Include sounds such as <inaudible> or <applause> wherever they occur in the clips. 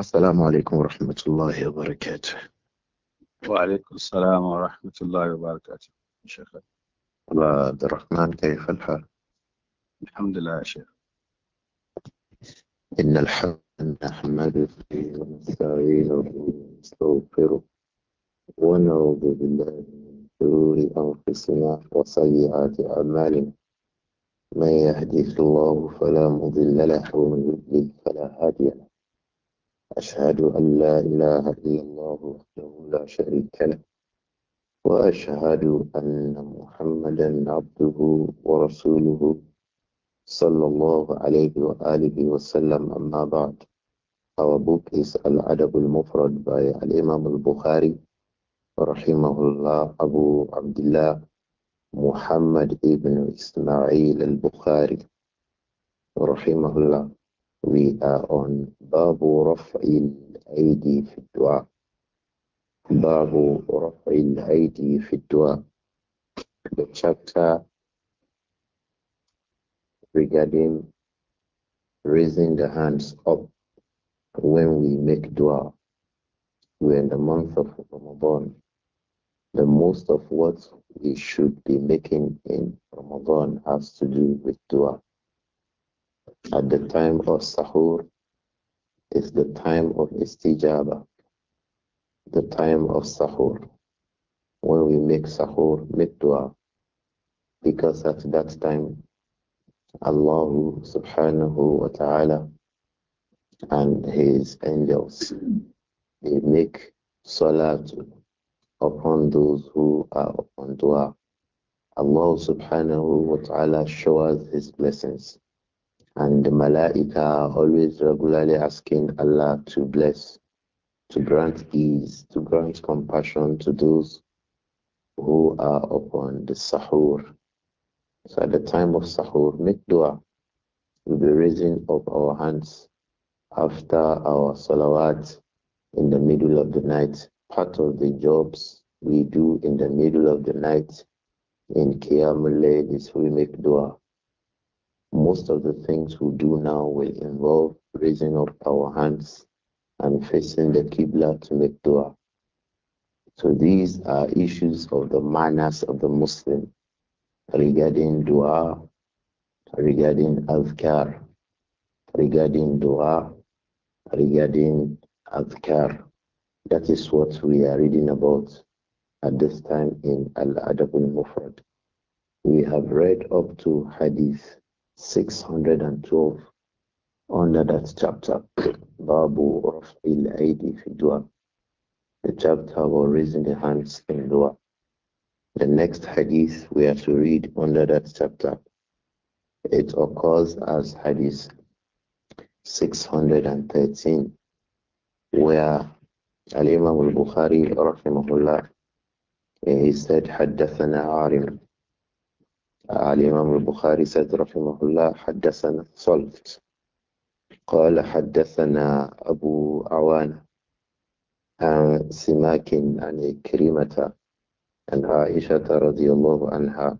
السلام عليكم ورحمة الله وبركاته وعليكم السلام ورحمة الله وبركاته شيخ الله عبد الرحمن كيف الحال؟ الحمد لله يا شيخ إن الحمد نحمده ونستعينه ونستغفره ونعوذ بالله من شرور أنفسنا وسيئات أعمالنا من يهديه الله فلا مضل له ومن يضلل فلا هادي له أشهد أن لا إله إلا الله وحده لا شريك له وأشهد أن محمدا عبده ورسوله صلى الله عليه وآله وسلم أما بعد أو book is المفرد adab الإمام البخاري by رحمه الله أبو عبد الله محمد ابن إسماعيل البخاري رحمه الله We are on Babu Raf'il Aidi fi Dua. Babu Raf'il Aidi fi Dua. The chapter regarding raising the hands up when we make dua. We're in the month of Ramadan. The most of what we should be making in Ramadan has to do with dua at the time of sahur is the time of istijaba, the time of sahur. When we make sahur, make dua, because at that time, Allah subhanahu wa ta'ala and His angels, they make salat upon those who are upon dua. Allah subhanahu wa ta'ala showers His blessings and the Malaika are always regularly asking Allah to bless, to grant ease, to grant compassion to those who are upon the Sahur. So at the time of Sahur, make dua. We'll be raising up our hands after our salawat in the middle of the night. Part of the jobs we do in the middle of the night in Qiyamul is we make dua most of the things we do now will involve raising up our hands and facing the Qibla to make dua. So these are issues of the manners of the Muslim regarding dua, regarding adhkar, regarding dua, regarding adhkar. That is what we are reading about at this time in Al Adab al Mufrad. We have read up to Hadith 612 under that chapter, <coughs> Babu Rafil Aidi Fidua, the chapter of raising the hands in dua. The next hadith we are to read under that chapter, it occurs as hadith 613, where Al-Imam al-Bukhari, rahimahullah, eh, he said, حدثنا عارم الإمام البخاري سيد رحمه الله حدثنا صلت قال حدثنا أبو عوانة عن سماك عن كريمة عن عائشة رضي الله عنها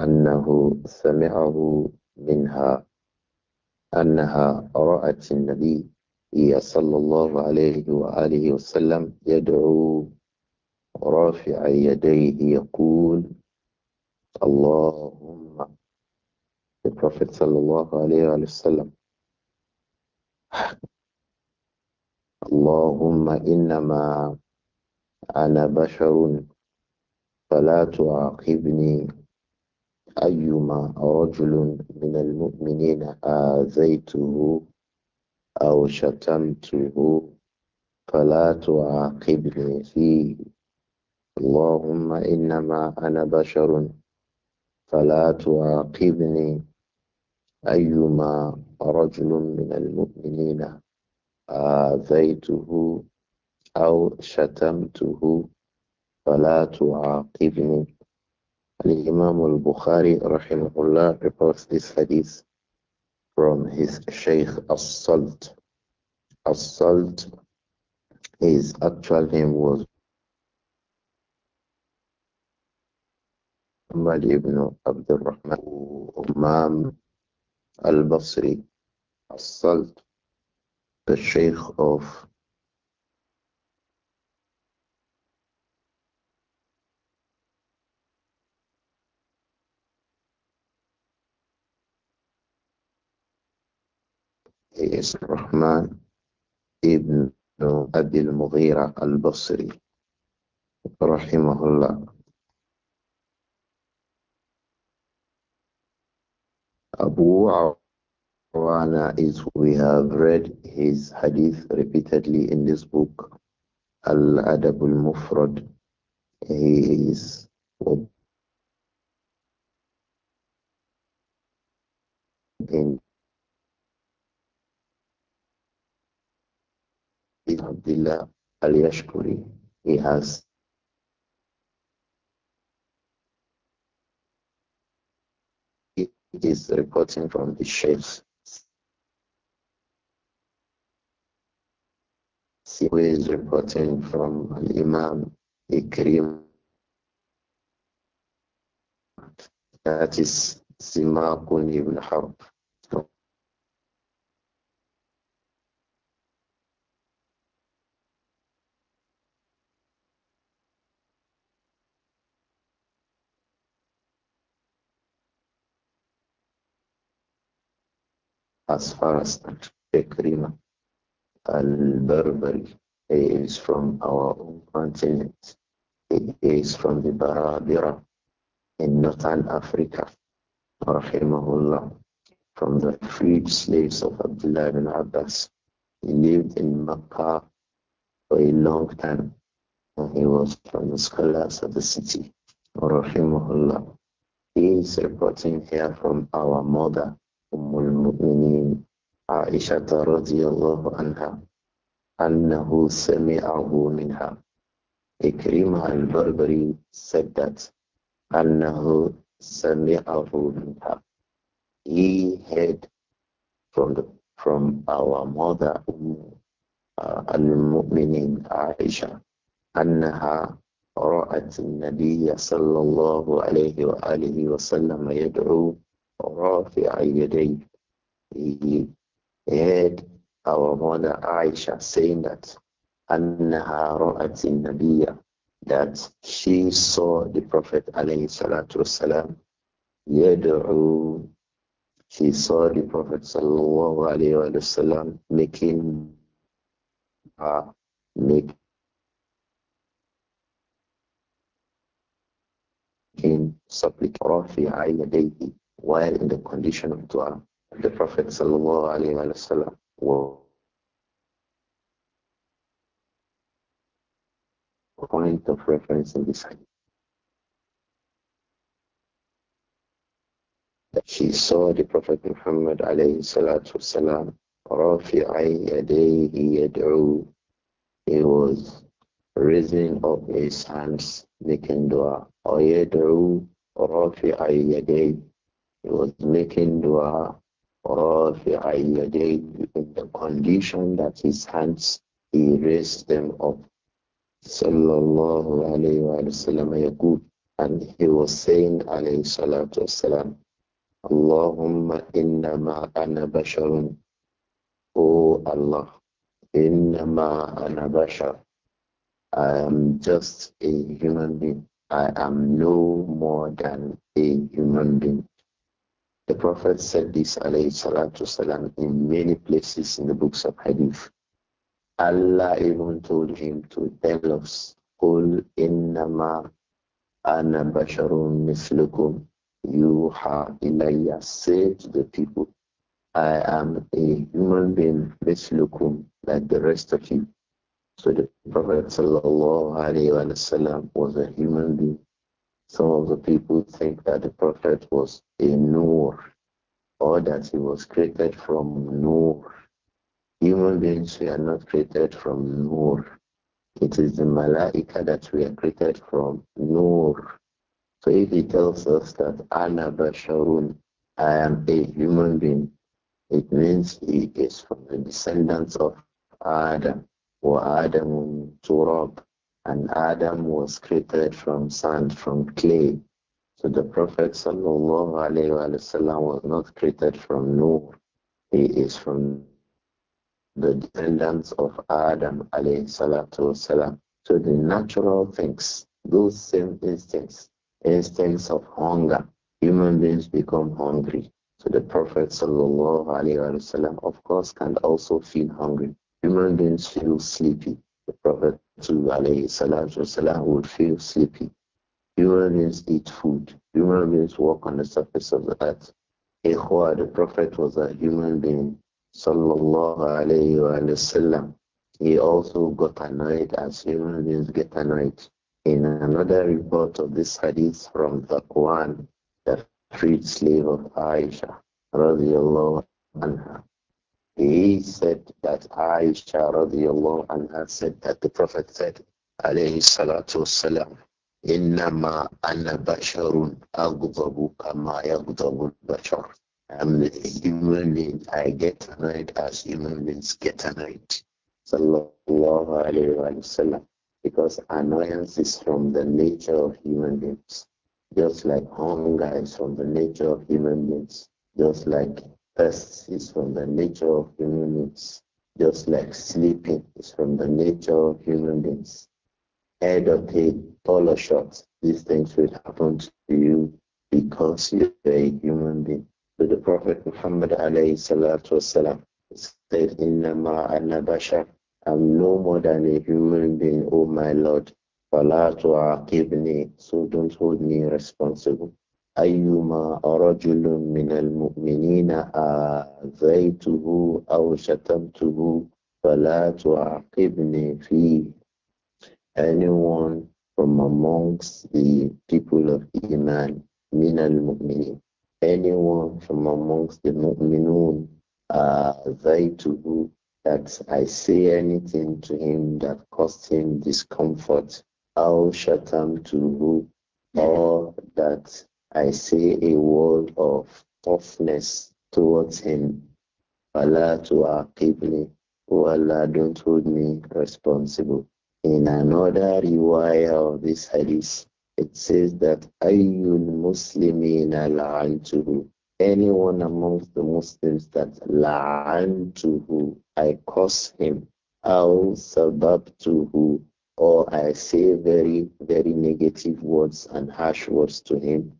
أنه سمعه منها أنها رأت النبي صلى الله عليه وآله وسلم يدعو رافع يديه يقول Allahumma. The Prophet sallallahu alayhi wa sallam. Allahumma innama ana basharun فلا تعاقبني أيما رجل من المؤمنين آذيته أو شتمته فلا تعاقبني fi اللهم إنما أنا فلا تعاقبني أيما رجل من المؤمنين آذيته أو شتمته فلا تعاقبني الإمام البخاري رحمه الله reports this hadith from his Sheikh As-Salt. As-Salt, his actual name was محمد بن عبد الرحمن أمام البصري الصلت الشيخ أوف إيس الرحمن ابن أبي المغيرة البصري رحمه الله Abu Awana is we have read his hadith repeatedly in this book, Al Adab al Mufrad. He is in Abdullah al Yashkuri. He has It is reporting from the Sheikh who is reporting from Imam Ikrim. That is Simakun ibn Harb. as far as Takrima al berberi is from our own continent. He is from the Barabira in northern Africa. Rahimahullah. From the freed slaves of Abdullah ibn Abbas. He lived in Makkah for a long time. And he was from the scholars of the city. Rahimahullah. He is reporting here from our mother, Ummul المؤمنين عائشة رضي الله عنها أنه سمعه منها إكرمة البربري said that أنه سمعه منها he heard from the, from our mother المؤمنين عائشة أنها رأت النبي صلى الله عليه وآله وسلم يدعو رافع يديه he heard our mother Aisha saying that أنها that she saw the Prophet alayhi الصلاة والسلام she saw the Prophet sallallahu alayhi wa sallam making uh, making supplication while in the condition of dua the Prophet وسلم, point of reference in this hadith. That she saw the Prophet Muhammad alayhi salatu wasalam yadayhi He was raising up his hands, making dua. Or yad'u rafi'a yadayhi. He was making dua or in the condition that his hands he raised them up. Sallallahu alayhi and he was saying alayhi salatu wasalam Allahumma innama ana basharun O oh Allah innama ana bashar I am just a human being I am no more than a human being the Prophet said this alayhi salatu salam in many places in the books of Hadith. Allah even told him to tell us, قُلْ إِنَّمَا أَنَا بَشَرٌ مِثْلُكُمْ يُوحَى إِلَيَّ Say to the people, I am a human being, مِثْلُكُمْ, like the rest of you. So the Prophet sallallahu alayhi wa sallam was a human being some of the people think that the Prophet was a Noor or that he was created from Noor. Human beings were not created from Noor. It is the Malaika that we are created from Noor. So if he tells us that Ana Basharun, I am a human being, it means he is from the descendants of Adam or Adam Turab and Adam was created from sand, from clay. So the Prophet wasallam was not created from Noor. He is from the descendants of Adam والسلام. So the natural things, those same instincts, instincts of hunger, human beings become hungry. So the Prophet wasallam, of course can also feel hungry. Human beings feel sleepy the Prophet would feel sleepy. Human beings eat food. Human beings walk on the surface of the earth. Ikhwa, the Prophet was a human being. Sallallahu alayhi wasallam. He also got annoyed as human beings get annoyed. In another report of this hadith from the Quran, the freed slave of Aisha, radiallahu he said that Aisha radiallahu anha said that the Prophet said, alayhi salatu wasalam, Innama anna basharun agdabu kama yagdabu bashar. I'm a human being. I get annoyed as human beings get annoyed. Sallallahu alayhi wa sallam. Because annoyance is from the nature of human beings. Just like hunger is from the nature of human beings. Just like this is from the nature of human beings, just like sleeping is from the nature of human beings. Head or tail, tall or these things will happen to you because you're a human being. So the Prophet Muhammad alayhi salatu wasalam said, Innama anna bashar, I'm no more than a human being, oh my Lord. Fala me, so don't hold me responsible. أيما رجل من المؤمنين آذيته أو شتمته فلا تعاقبني فيه anyone from amongst the people of Iman من المؤمنين anyone from amongst the mu'minun آذيته that I say anything to him that caused him discomfort أو شتمته or that I say a word of toughness towards him. Allah to our people, O Allah, don't hold me responsible. In another riwayah of this hadith, it says that Ayyul Muslimin la'antuhu. Anyone amongst the Muslims that la'antuhu, I curse him. Aw sababtuhu, or I say very, very negative words and harsh words to him.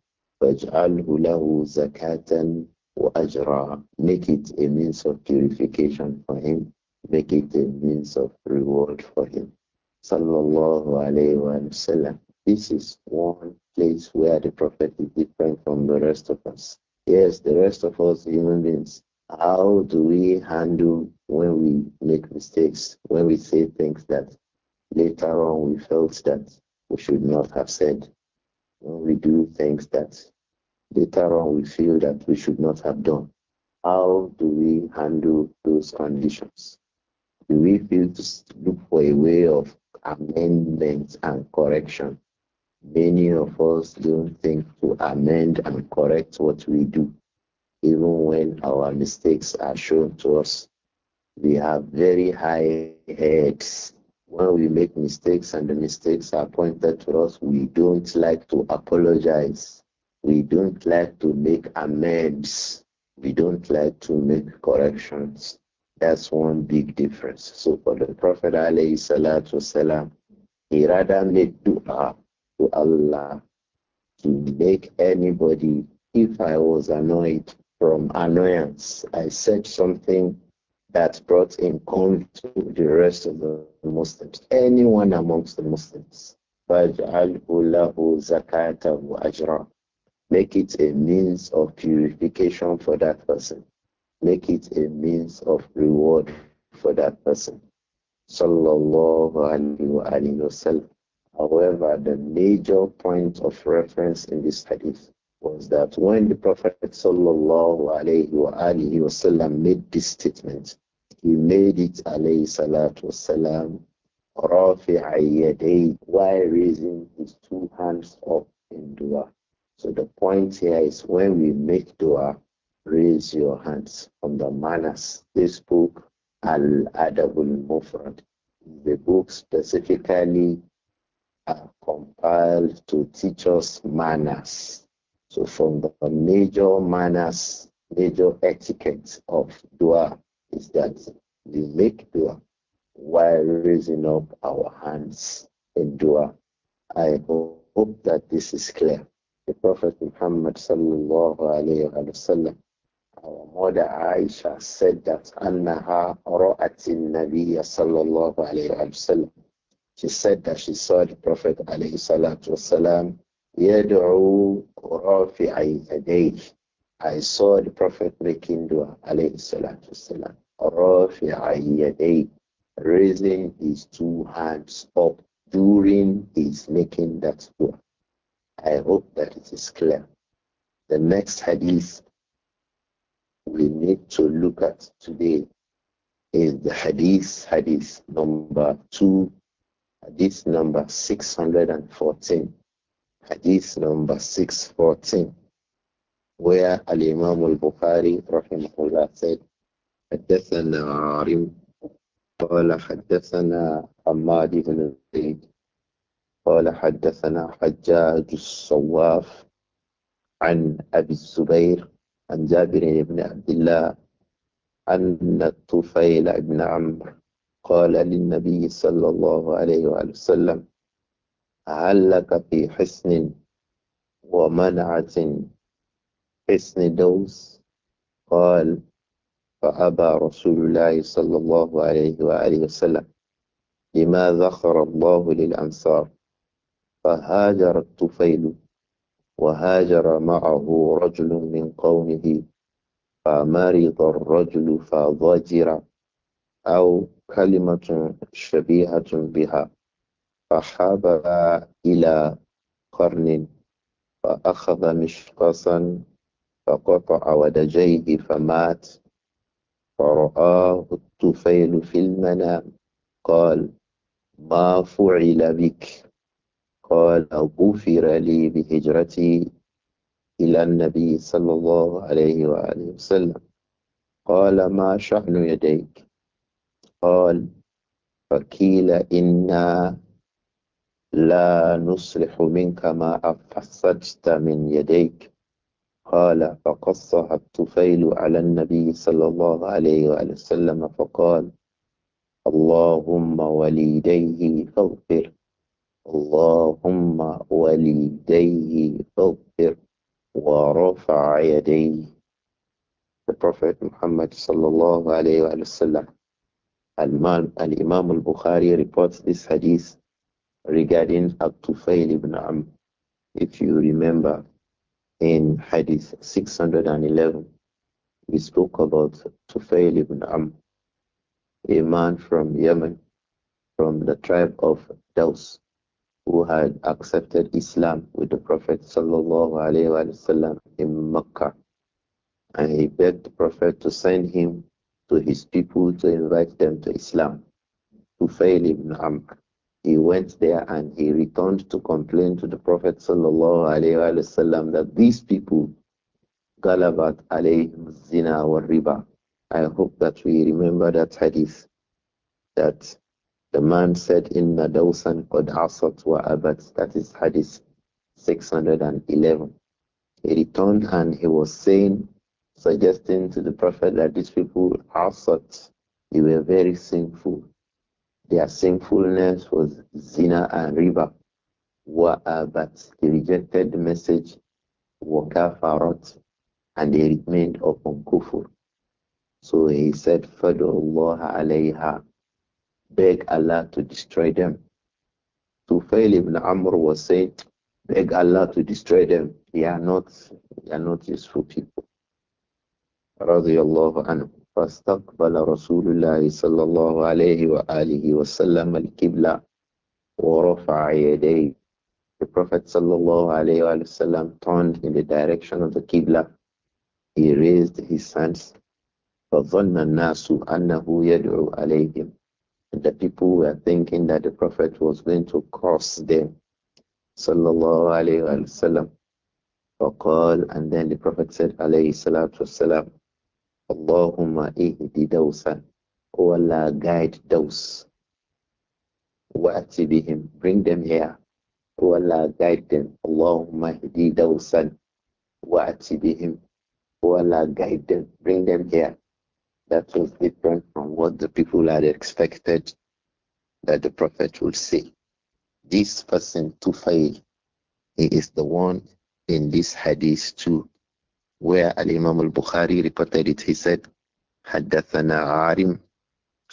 لَهُ زَكَاةً وَأَجْرًا Make it a means of purification for him. Make it a means of reward for him. Sallallahu alayhi wa sallam. This is one place where the Prophet is different from the rest of us. Yes, the rest of us human beings, how do we handle when we make mistakes, when we say things that later on we felt that we should not have said, when we do things that later on we feel that we should not have done. How do we handle those conditions? Do we feel to look for a way of amendment and correction? Many of us don't think to amend and correct what we do, even when our mistakes are shown to us. We have very high heads. When we make mistakes and the mistakes are pointed to us, we don't like to apologize we don't like to make amends. We don't like to make corrections. That's one big difference. So for the Prophet والسلام, he rather made dua to Allah to make anybody, if I was annoyed from annoyance, I said something that brought in conflict to the rest of the Muslims, anyone amongst the Muslims. فَاجْعَلْهُ لَهُ زَكَاةَهُ أَجْرًا Make it a means of purification for that person. Make it a means of reward for that person. Sallallahu alayhi wasallam. However, the major point of reference in this hadith was that when the Prophet sallallahu alayhi wasallam made this statement, he made it alayhi salatu wasalam rafi'a while raising his two hands up in dua. So the point here is when we make dua, raise your hands from the manners. This book, Al Adabul Mufrad, the book specifically uh, compiled to teach us manners. So from the major manners, major etiquette of dua is that we make dua while raising up our hands in dua. I hope that this is clear the Prophet Muhammad sallallahu alayhi wa sallam, our mother Aisha said that Annaha ra'atin Nabiya sallallahu alayhi wa sallam. She said that she saw the Prophet alayhi salatu wa sallam yad'u rafi'i yadayhi. I saw the Prophet making dua alayhi salatu wasalam. Rafi'i raising his two hands up during his making that dua. I hope that it is clear. The next hadith we need to look at today is the hadith, hadith number 2, hadith number 614, hadith number 614, where Al-Imam al-Bukhari rahimahullah said, حدثنا عارم قال حدثنا حماد بن زيد قال حدثنا حجاج الصواف عن أبي الزبير عن جابر بن عبد الله أن الطفيل بن عمرو قال للنبي صلى الله عليه وآله وسلم هل لك في حسن ومنعة حسن دوس قال فأبى رسول الله صلى الله عليه وآله وسلم لما ذخر الله للأنصار فهاجر الطفيل وهاجر معه رجل من قومه فمرض الرجل فضجر أو كلمة شبيهة بها فحاب إلى قرن فأخذ مشقصا فقطع ودجيه فمات فرآه الطفيل في المنام قال ما فعل بك قال غفر لي بهجرتي إلى النبي صلى الله عليه وآله وسلم قال ما شأن يديك قال فقيل إنا لا نصلح منك ما أفسدت من يديك قال فقصها الطفيل على النبي صلى الله عليه وآله وسلم فقال اللهم وليديه فاغفر اللهم وليديه اغفر ورفع يديه The Prophet Muhammad sallallahu alayhi wa sallam Al-Imam al bukhari reports this hadith regarding al tufayl ibn Amr if you remember in hadith 611 we spoke about Tufayl ibn Amr a man from Yemen from the tribe of Daws who had accepted Islam with the Prophet وسلم, in Mecca. And he begged the Prophet to send him to his people to invite them to Islam. Tufail ibn Amr. He went there and he returned to complain to the Prophet وسلم, that these people, Galabat alayhim zina wa riba. I hope that we remember that hadith that the man said, Inna dawsan qad asat wa abat. That is Hadith 611. He returned and he was saying, suggesting to the Prophet that these people asat, they were very sinful. Their sinfulness was zina and riba. Wa abat. They rejected the message. Wa kafarat. And they remained upon kufur. So he said, "Fadu Allah alayha." beg Allah to destroy them. Tufail ibn Amr was saying, beg Allah to destroy them. They are not, they are not useful people. رضي الله عنه فاستقبل رسول الله صلى الله عليه وآله وسلم القبلة ورفع يديه The Prophet صلى الله عليه وآله وسلم turned in the direction of the Qibla. He raised his hands فظن الناس أنه يدعو عليهم the people were thinking that the Prophet was going to curse them. Sallallahu Alaihi wasallam. وقال and then the Prophet said عليه الصلاة والسلام اللهم اهد دوسا ولا guide those وأتي بهم bring them here ولا guide them اللهم اهد دوسا وأتي بهم ولا guide them bring them here that was different from what the people had expected that the Prophet would say. This person, Tufail, he is the one in this hadith too, where Al Imam al Bukhari reported it. He said, حدثنا عارم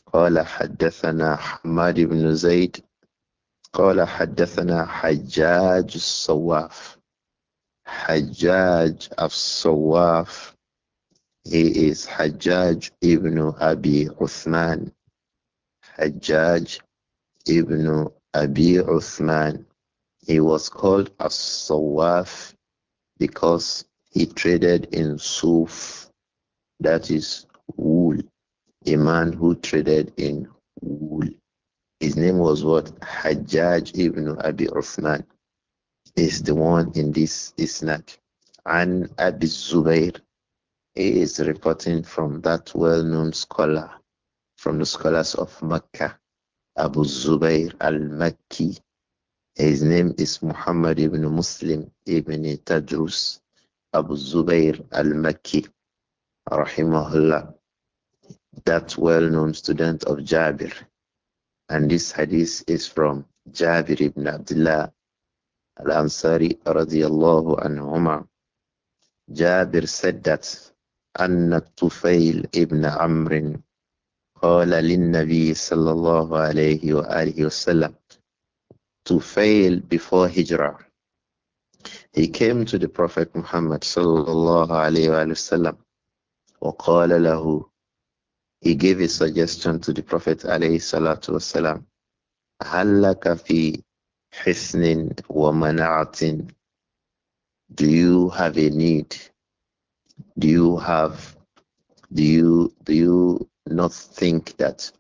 قال حدثنا حماد بن زيد قال حدثنا sawaf الصواف حجاج sawaf he is Hajjaj ibn Abi Uthman. Hajjaj ibn Abi Uthman. He was called As-Sawaf because he traded in Suf, that is wool. A man who traded in wool. His name was what? Hajjaj ibn Abi Uthman is the one in this isnad. An Abi Zubair he is reporting from that well known scholar, from the scholars of Mecca, Abu Zubayr al Makki. His name is Muhammad ibn Muslim ibn Tadrus Abu Zubayr al Makki, rahimahullah, that well known student of Jabir. And this hadith is from Jabir ibn Abdullah al Ansari radiallahu anhumah. Jabir said that أن الطفيل ابن عمرو قال للنبي صلى الله عليه وآله وسلم Tufail before Hijrah. He came to the Prophet Muhammad sallallahu alayhi wa وسلم وقال له He gave a suggestion to the Prophet عليه salatu wasalam هل لك في حسن ومنعة Do you have a need do you have do you do you not think that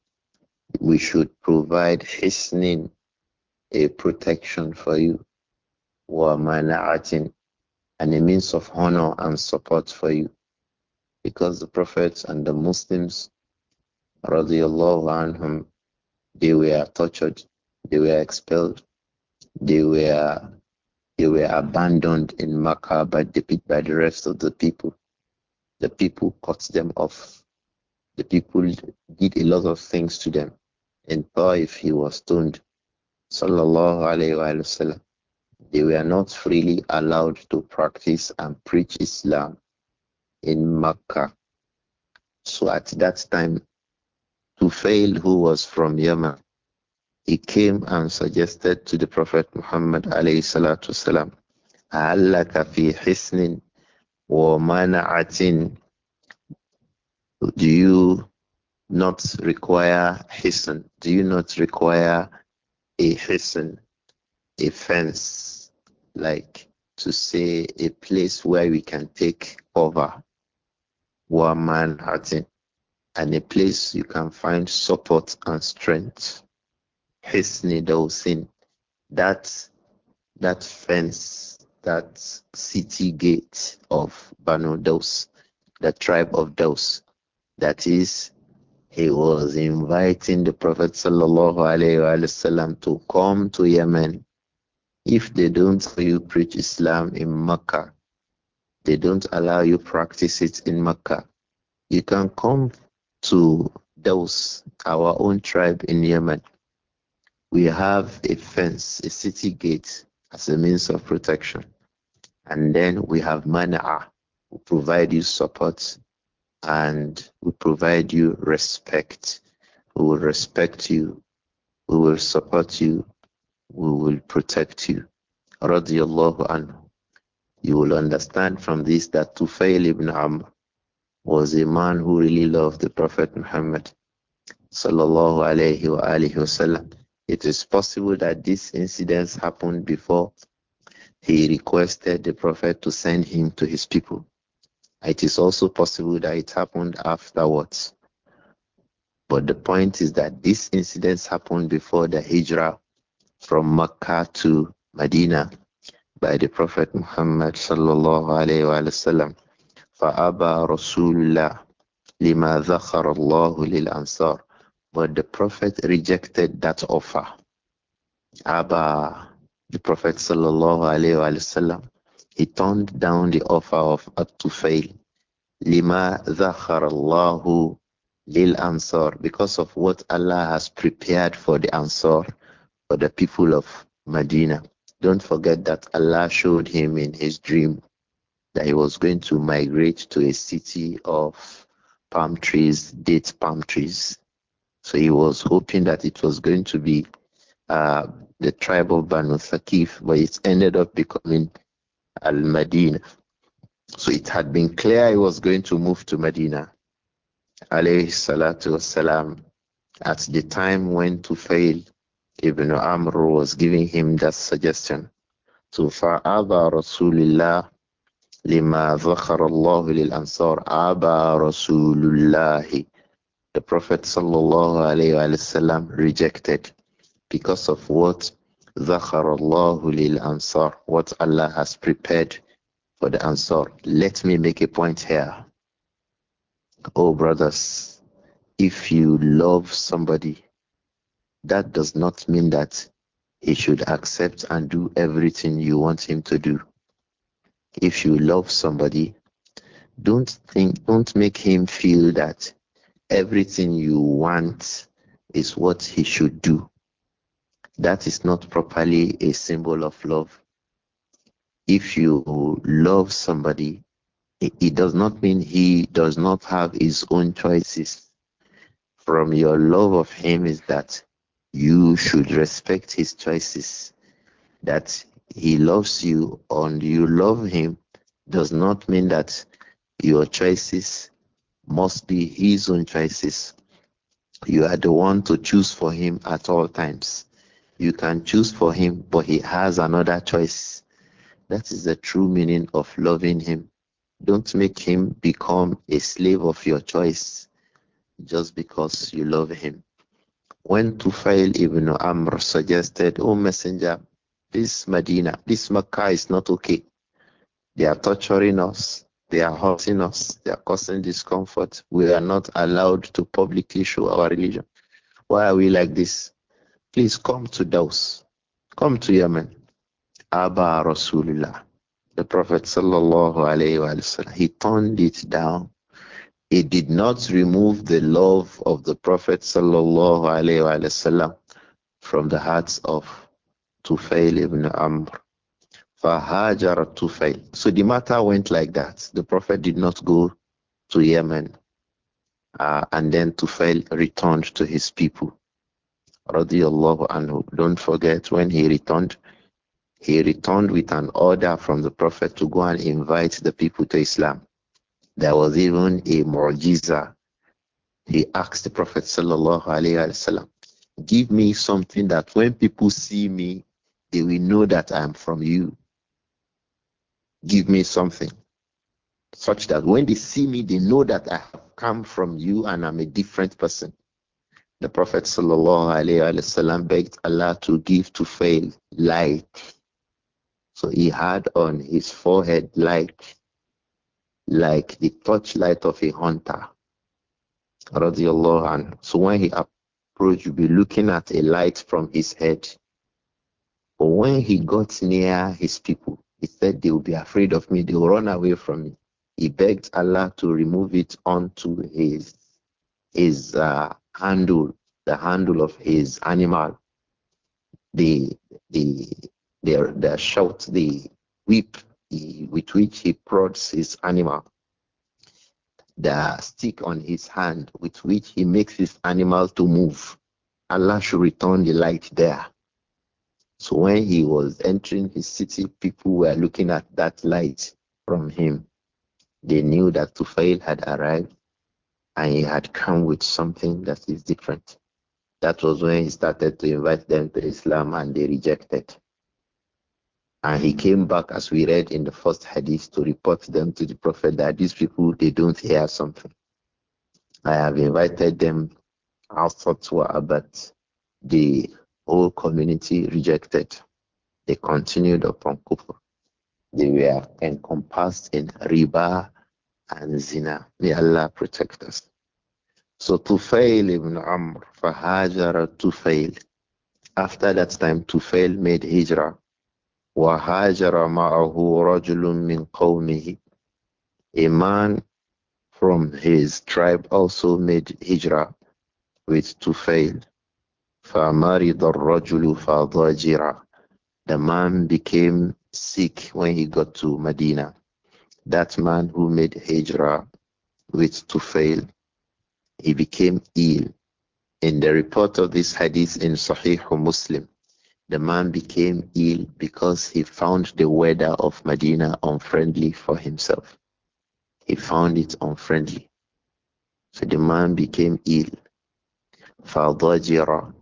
we should provide hastening a protection for you or mana'atin and a means of honor and support for you because the prophets and the muslims radiyallahu they were tortured they were expelled they were they were abandoned in Makkah by the, by the rest of the people the people cut them off. The people did a lot of things to them. In if he was stoned. Sallallahu they were not freely allowed to practice and preach Islam in Mecca. So at that time, Tufail, who was from Yemen, he came and suggested to the Prophet Muhammad alayhi salatu salam, fi hisnin وَمَنَعَةٍ Do you not require hissen? Do you not require a hissen, a fence, like to say a place where we can take cover? وَمَنَعَةٍ And a place you can find support and strength. Hisni Dawsin. That, that fence that city gate of Banu Dos, the tribe of Dos. That is, he was inviting the Prophet وسلم, to come to Yemen. If they don't allow you preach Islam in Mecca, they don't allow you practice it in Mecca. You can come to Daus, our own tribe in Yemen. We have a fence, a city gate as a means of protection. And then we have Mana'a, who provide you support and we provide you respect. We will respect you. We will support you. We will protect you. Radiallahu anhu. You will understand from this that Tufail ibn Amr was a man who really loved the Prophet Muhammad. Sallallahu alayhi wa It is possible that these incidents happened before he requested the Prophet to send him to his people. It is also possible that it happened afterwards. But the point is that these incidents happened before the hijrah from Mecca to Medina by the Prophet Muhammad sallallahu alayhi wa sallam. فَأَبَى رَسُولُ اللَّهِ لِمَا ذَخَرَ اللَّهُ لِلْأَنصَارِ But the Prophet rejected that offer. أَبَى the Prophet وسلم, he turned down the offer of At-Tufail lima zakharallahu lil ansar because of what Allah has prepared for the ansar for the people of Medina. Don't forget that Allah showed him in his dream that he was going to migrate to a city of palm trees, date palm trees. So he was hoping that it was going to be uh, the tribe of Banu Thaqif, but it ended up becoming Al Madinah. So it had been clear he was going to move to Medina, alayhi salatu wasalam, at the time when Tufail ibn Amr was giving him that suggestion. So فَأَبَى رَسُولِ اللَّهِ لِمَا ذَخَرَ اللَّهُ لِلْأَنصَارِ The Prophet sallallahu alayhi wa sallam rejected because of what Zakharallahu lil Ansar, what Allah has prepared for the Ansar. Let me make a point here. Oh, brothers, if you love somebody, that does not mean that he should accept and do everything you want him to do. If you love somebody, don't think, don't make him feel that everything you want is what he should do that is not properly a symbol of love. If you love somebody, it does not mean he does not have his own choices. From your love of him is that you should respect his choices. That he loves you and you love him does not mean that your choices must be his own choices. You are the one to choose for him at all times. You can choose for him, but he has another choice. That is the true meaning of loving him. Don't make him become a slave of your choice just because you love him. When Tufail ibn Amr suggested, O oh Messenger, this Medina, this Makkah is not okay. They are torturing us, they are hurting us, they are causing discomfort. We are not allowed to publicly show our religion. Why are we like this? Please come to those. Come to Yemen. Abba Rasulullah. The Prophet sallallahu alayhi wasallam, he turned it down. He did not remove the love of the Prophet sallallahu alayhi wasallam from the hearts of Tufail ibn Amr. Fahajar Tufail. So the matter went like that. The Prophet did not go to Yemen. Uh, and then Tufail returned to his people radiallahu anhu. Don't forget when he returned, he returned with an order from the Prophet to go and invite the people to Islam. There was even a mu'jiza. He asked the Prophet sallallahu alaihi wasallam, give me something that when people see me, they will know that I am from you. Give me something such that when they see me, they know that I have come from you and I'm a different person. The Prophet ﷺ begged Allah to give to fail light. So he had on his forehead light, like the torchlight of a hunter. So when he approached, you'd be looking at a light from his head. But when he got near his people, he said, They will be afraid of me, they will run away from me. He begged Allah to remove it onto his his uh, handle, the handle of his animal, the the the, the shout, the whip he, with which he prods his animal, the stick on his hand with which he makes his animal to move. Allah should return the light there. So when he was entering his city, people were looking at that light from him. They knew that Tufail had arrived and he had come with something that is different. That was when he started to invite them to Islam and they rejected. And he came back, as we read in the first hadith, to report them to the Prophet that these people, they don't hear something. I have invited them outside to Abat. The whole community rejected. They continued upon kufr. They were encompassed in riba and zina. May Allah protect us. So Tufail ibn Amr, Fahajara Tufail. After that time, Tufail made hijrah. وهاجر معه رجل من قومه A man from his tribe also made hijrah with Tufail. فمرض الرجل فضجر The man became sick when he got to Medina that man who made hijrah with Tufail, he became ill. In the report of this hadith in Sahih Muslim, the man became ill because he found the weather of Medina unfriendly for himself. He found it unfriendly. So the man became ill. Fadajira,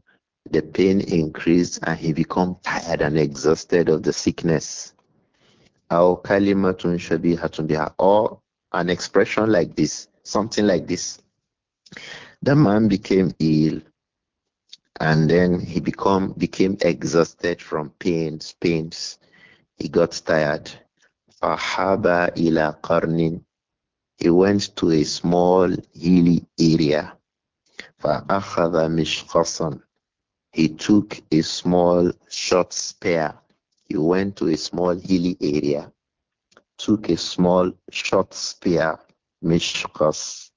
the pain increased and he became tired and exhausted of the sickness. Our kalimatun شبيهة بها or an expression like this, something like this. The man became ill and then he become became exhausted from pains, pains. He got tired. فَحَابَ ila qarnin, He went to a small hilly area. فَأَخَذَ mishqasan, He took a small short spear he went to a small hilly area, took a small short spear, mishkas,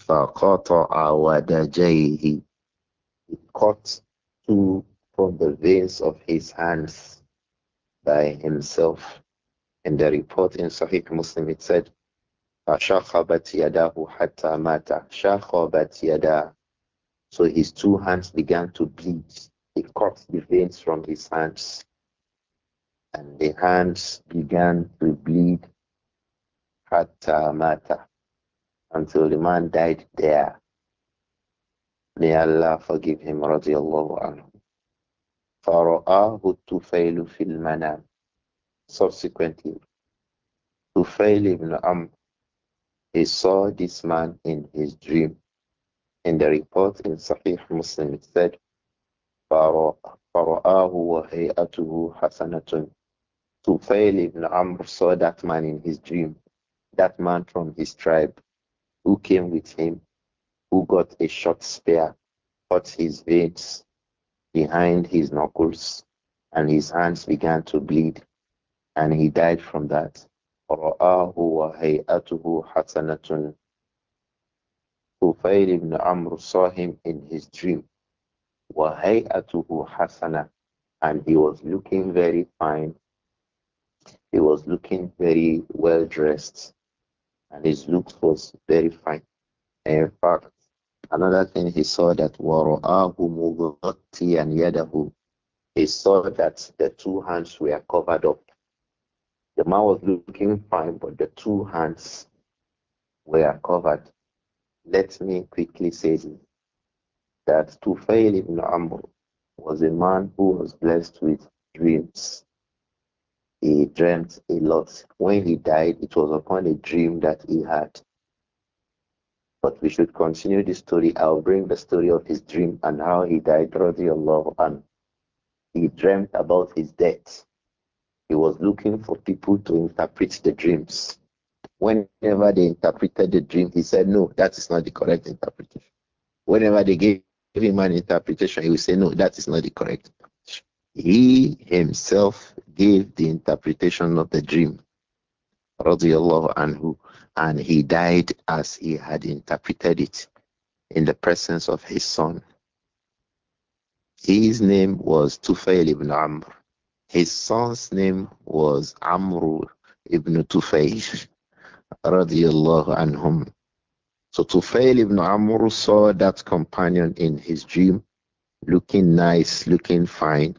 فَقَطَعَ وَدَجَيْهِ He cut two from the veins of his hands by himself. And the report in Sahih Muslim, it said, فَشَخَبَتْ يَدَاهُ hatta mata." شَخَبَتْ يَدَاهُ So his two hands began to bleed. He cut the veins from his hands and the hands began to bleed hatta mata until the man died there. May Allah forgive him radiallahu anhu. فَرَآهُ التُّفَيْلُ فِي Subsequently, Tufail ibn he saw this man in his dream. In the report in Sahih Muslim, it said, فَرَآهُ وَهَيْئَتُهُ حَسَنَةٌ Tufail ibn Amr saw that man in his dream, that man from his tribe who came with him, who got a short spear, cut his veins behind his knuckles, and his hands began to bleed, and he died from that. Tufail ibn Amr saw him in his dream. وهيئته hasana, and he was looking very fine he was looking very well dressed, and his looks was very fine. And in fact, another thing he saw that and yadahu. He saw that the two hands were covered up. The man was looking fine, but the two hands were covered. Let me quickly say that Tufail ibn Amr was a man who was blessed with dreams. He dreamt a lot. When he died, it was upon a dream that he had. But we should continue the story. I'll bring the story of his dream and how he died, Allah. And He dreamt about his death. He was looking for people to interpret the dreams. Whenever they interpreted the dream, he said, No, that is not the correct interpretation. Whenever they gave him an interpretation, he would say, No, that is not the correct he himself gave the interpretation of the dream, anhu, and he died as he had interpreted it in the presence of his son. His name was Tufail ibn Amr. His son's name was Amr ibn Tufail, radiallahu anhum. So Tufail ibn Amr saw that companion in his dream, looking nice, looking fine,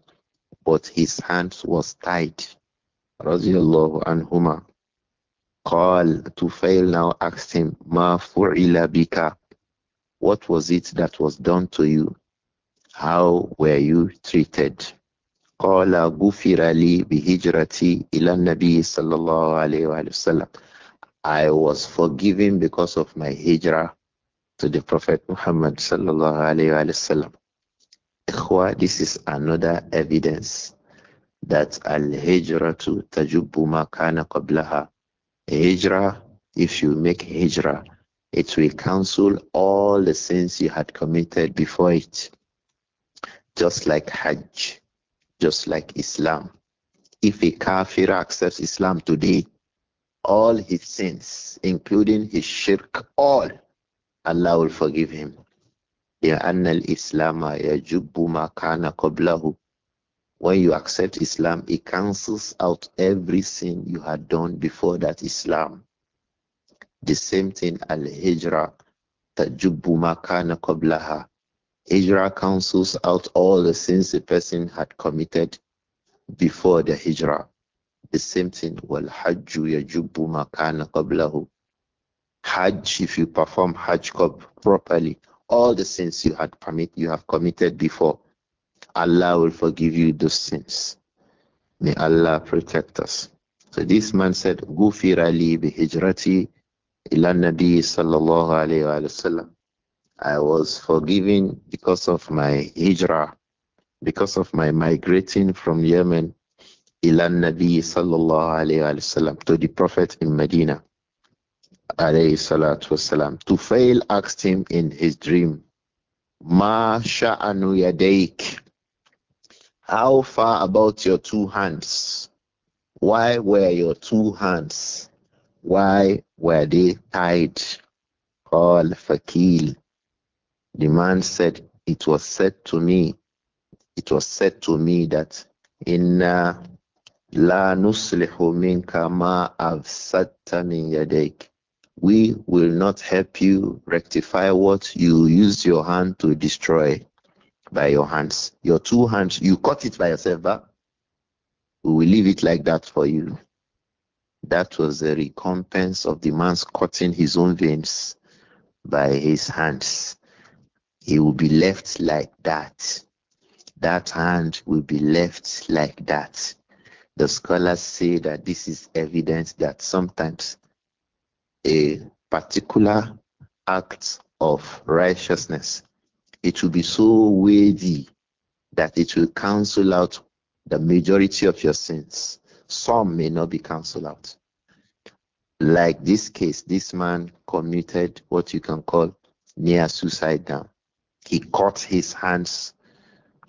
but his hands was tied. and anhuma. Call to fail now asked him, Ma fu'ila bika. What was it that was done to you? How were you treated? قال غفر لي بهجرتي إلى النبي صلى الله عليه وسلم I was forgiven because of my hijrah to the Prophet Muhammad sallallahu alayhi wasallam. Ikhwa, this is another evidence that al-hijra to tajubu ma kana qablaha. Hijra, if you make hijra, it will cancel all the sins you had committed before it. Just like Hajj, just like Islam. If a kafir accepts Islam today, all his sins, including his shirk, all, Allah will forgive him. الإسلام يجب ما كان قبله when you accept Islam, it cancels out everything you had done before that Islam. The same thing al hijra tajubu makana qablaha. Hijra cancels out all the sins the person had committed before the hijra. The same thing wal hajju yajubu makana Hajj, if you perform hajj properly, all the sins you had permit you have committed before. Allah will forgive you those sins. May Allah protect us. So this man said, "Gufir لِي bi hijrati النَّبِيِّ Nabi sallallahu عَلَيْهِ wasallam." I was forgiven because of my hijrah, because of my migrating from Yemen, إِلَى Nabi sallallahu اللَّهُ wasallam to the Prophet in Medina alayhi salatu wasalam. Tufail asked him in his dream, Ma sha'anu yadaik. How far about your two hands? Why were your two hands? Why were they tied? Call Fakil. The man said, It was said to me, it was said to me that inna la nuslihu minka ma afsatta min yadayk we will not help you rectify what you used your hand to destroy by your hands. Your two hands, you cut it by yourself, but we will leave it like that for you. That was the recompense of the man's cutting his own veins by his hands. He will be left like that. That hand will be left like that. The scholars say that this is evidence that sometimes a particular act of righteousness, it will be so weighty that it will cancel out the majority of your sins. Some may not be cancelled out. Like this case, this man committed what you can call near suicide now. He cut his hands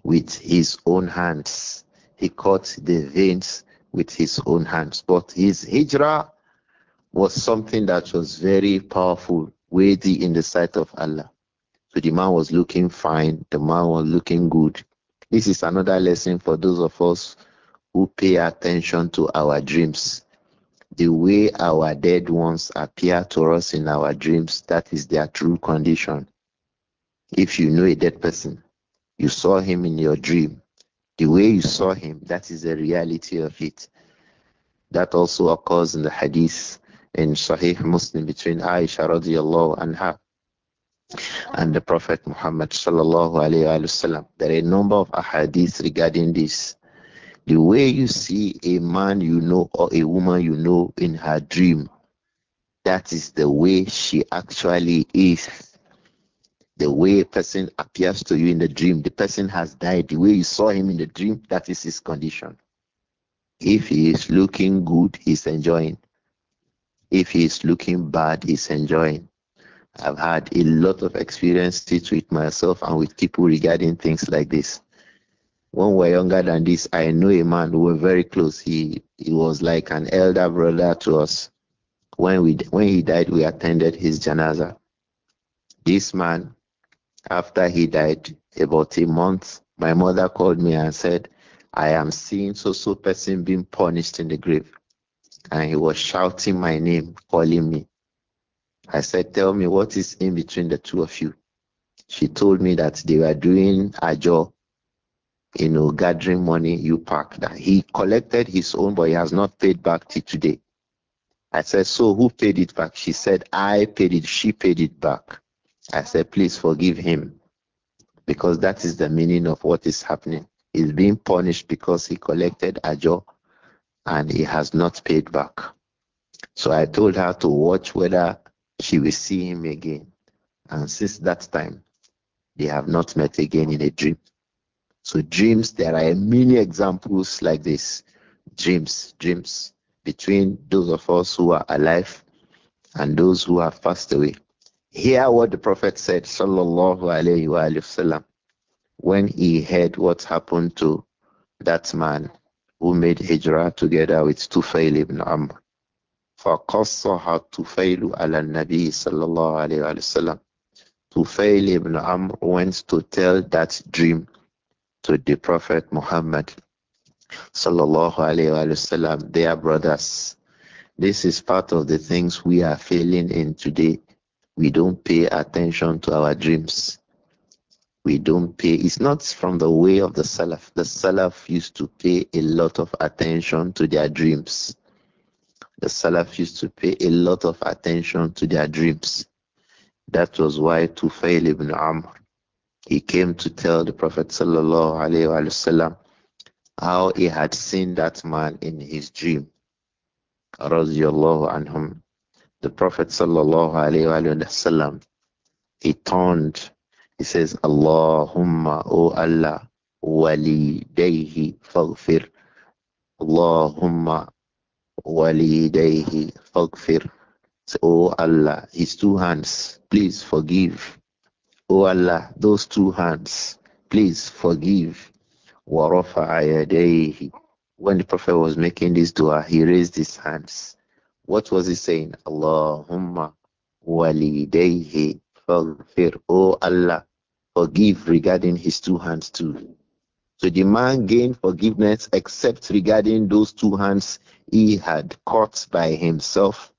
with his own hands. He cut the veins with his own hands. But his hijrah was something that was very powerful, worthy in the sight of Allah. So the man was looking fine, the man was looking good. This is another lesson for those of us who pay attention to our dreams. The way our dead ones appear to us in our dreams, that is their true condition. If you know a dead person, you saw him in your dream, the way you saw him, that is the reality of it. That also occurs in the hadith in Sahih Muslim between Aisha radiallahu anha and the Prophet Muhammad sallallahu alayhi wa sallam. There are a number of ahadith regarding this. The way you see a man you know or a woman you know in her dream, that is the way she actually is. The way a person appears to you in the dream, the person has died. The way you saw him in the dream, that is his condition. If he is looking good, he's enjoying. If he's looking bad, he's enjoying. I've had a lot of experiences with myself and with people regarding things like this. When we are younger than this, I knew a man who were very close. He he was like an elder brother to us. When we when he died, we attended his janaza. This man, after he died, about a month, my mother called me and said, I am seeing so so person being punished in the grave and he was shouting my name, calling me. I said, Tell me what is in between the two of you. She told me that they were doing a job, you know, gathering money, you park that. He collected his own, but he has not paid back till today. I said, So who paid it back? She said, I paid it, she paid it back. I said, Please forgive him. Because that is the meaning of what is happening. He's being punished because he collected a job and he has not paid back. So I told her to watch whether she will see him again. And since that time, they have not met again in a dream. So dreams, there are many examples like this. Dreams, dreams between those of us who are alive and those who have passed away. Hear what the Prophet said, sallallahu alayhi wa, sallam, when he heard what happened to that man who made hijrah together with Tufail ibn Amr. فقصها تفيل على النبي صلى الله عليه وسلم Tufail ibn Amr went to tell that dream to the Prophet Muhammad sallallahu alayhi wasallam, their brothers. This is part of the things we are failing in today. We don't pay attention to our dreams we don't pay. It's not from the way of the Salaf. The Salaf used to pay a lot of attention to their dreams. The Salaf used to pay a lot of attention to their dreams. That was why Tufail ibn Amr, he came to tell the Prophet sallallahu alaihi wasallam how he had seen that man in his dream. The Prophet sallallahu alaihi wasallam, he turned he says, Allahumma, O Allah, walidayhi faghfir. Allahumma, walidayhi faghfir. Say, O Allah, his two hands, please forgive. O Allah, those two hands, please forgive. Warafa When the Prophet was making this dua, he raised his hands. What was he saying? Allahumma walidayhi Faghfir, O Allah, forgive regarding his two hands too. So the man gained forgiveness except regarding those two hands he had caught by himself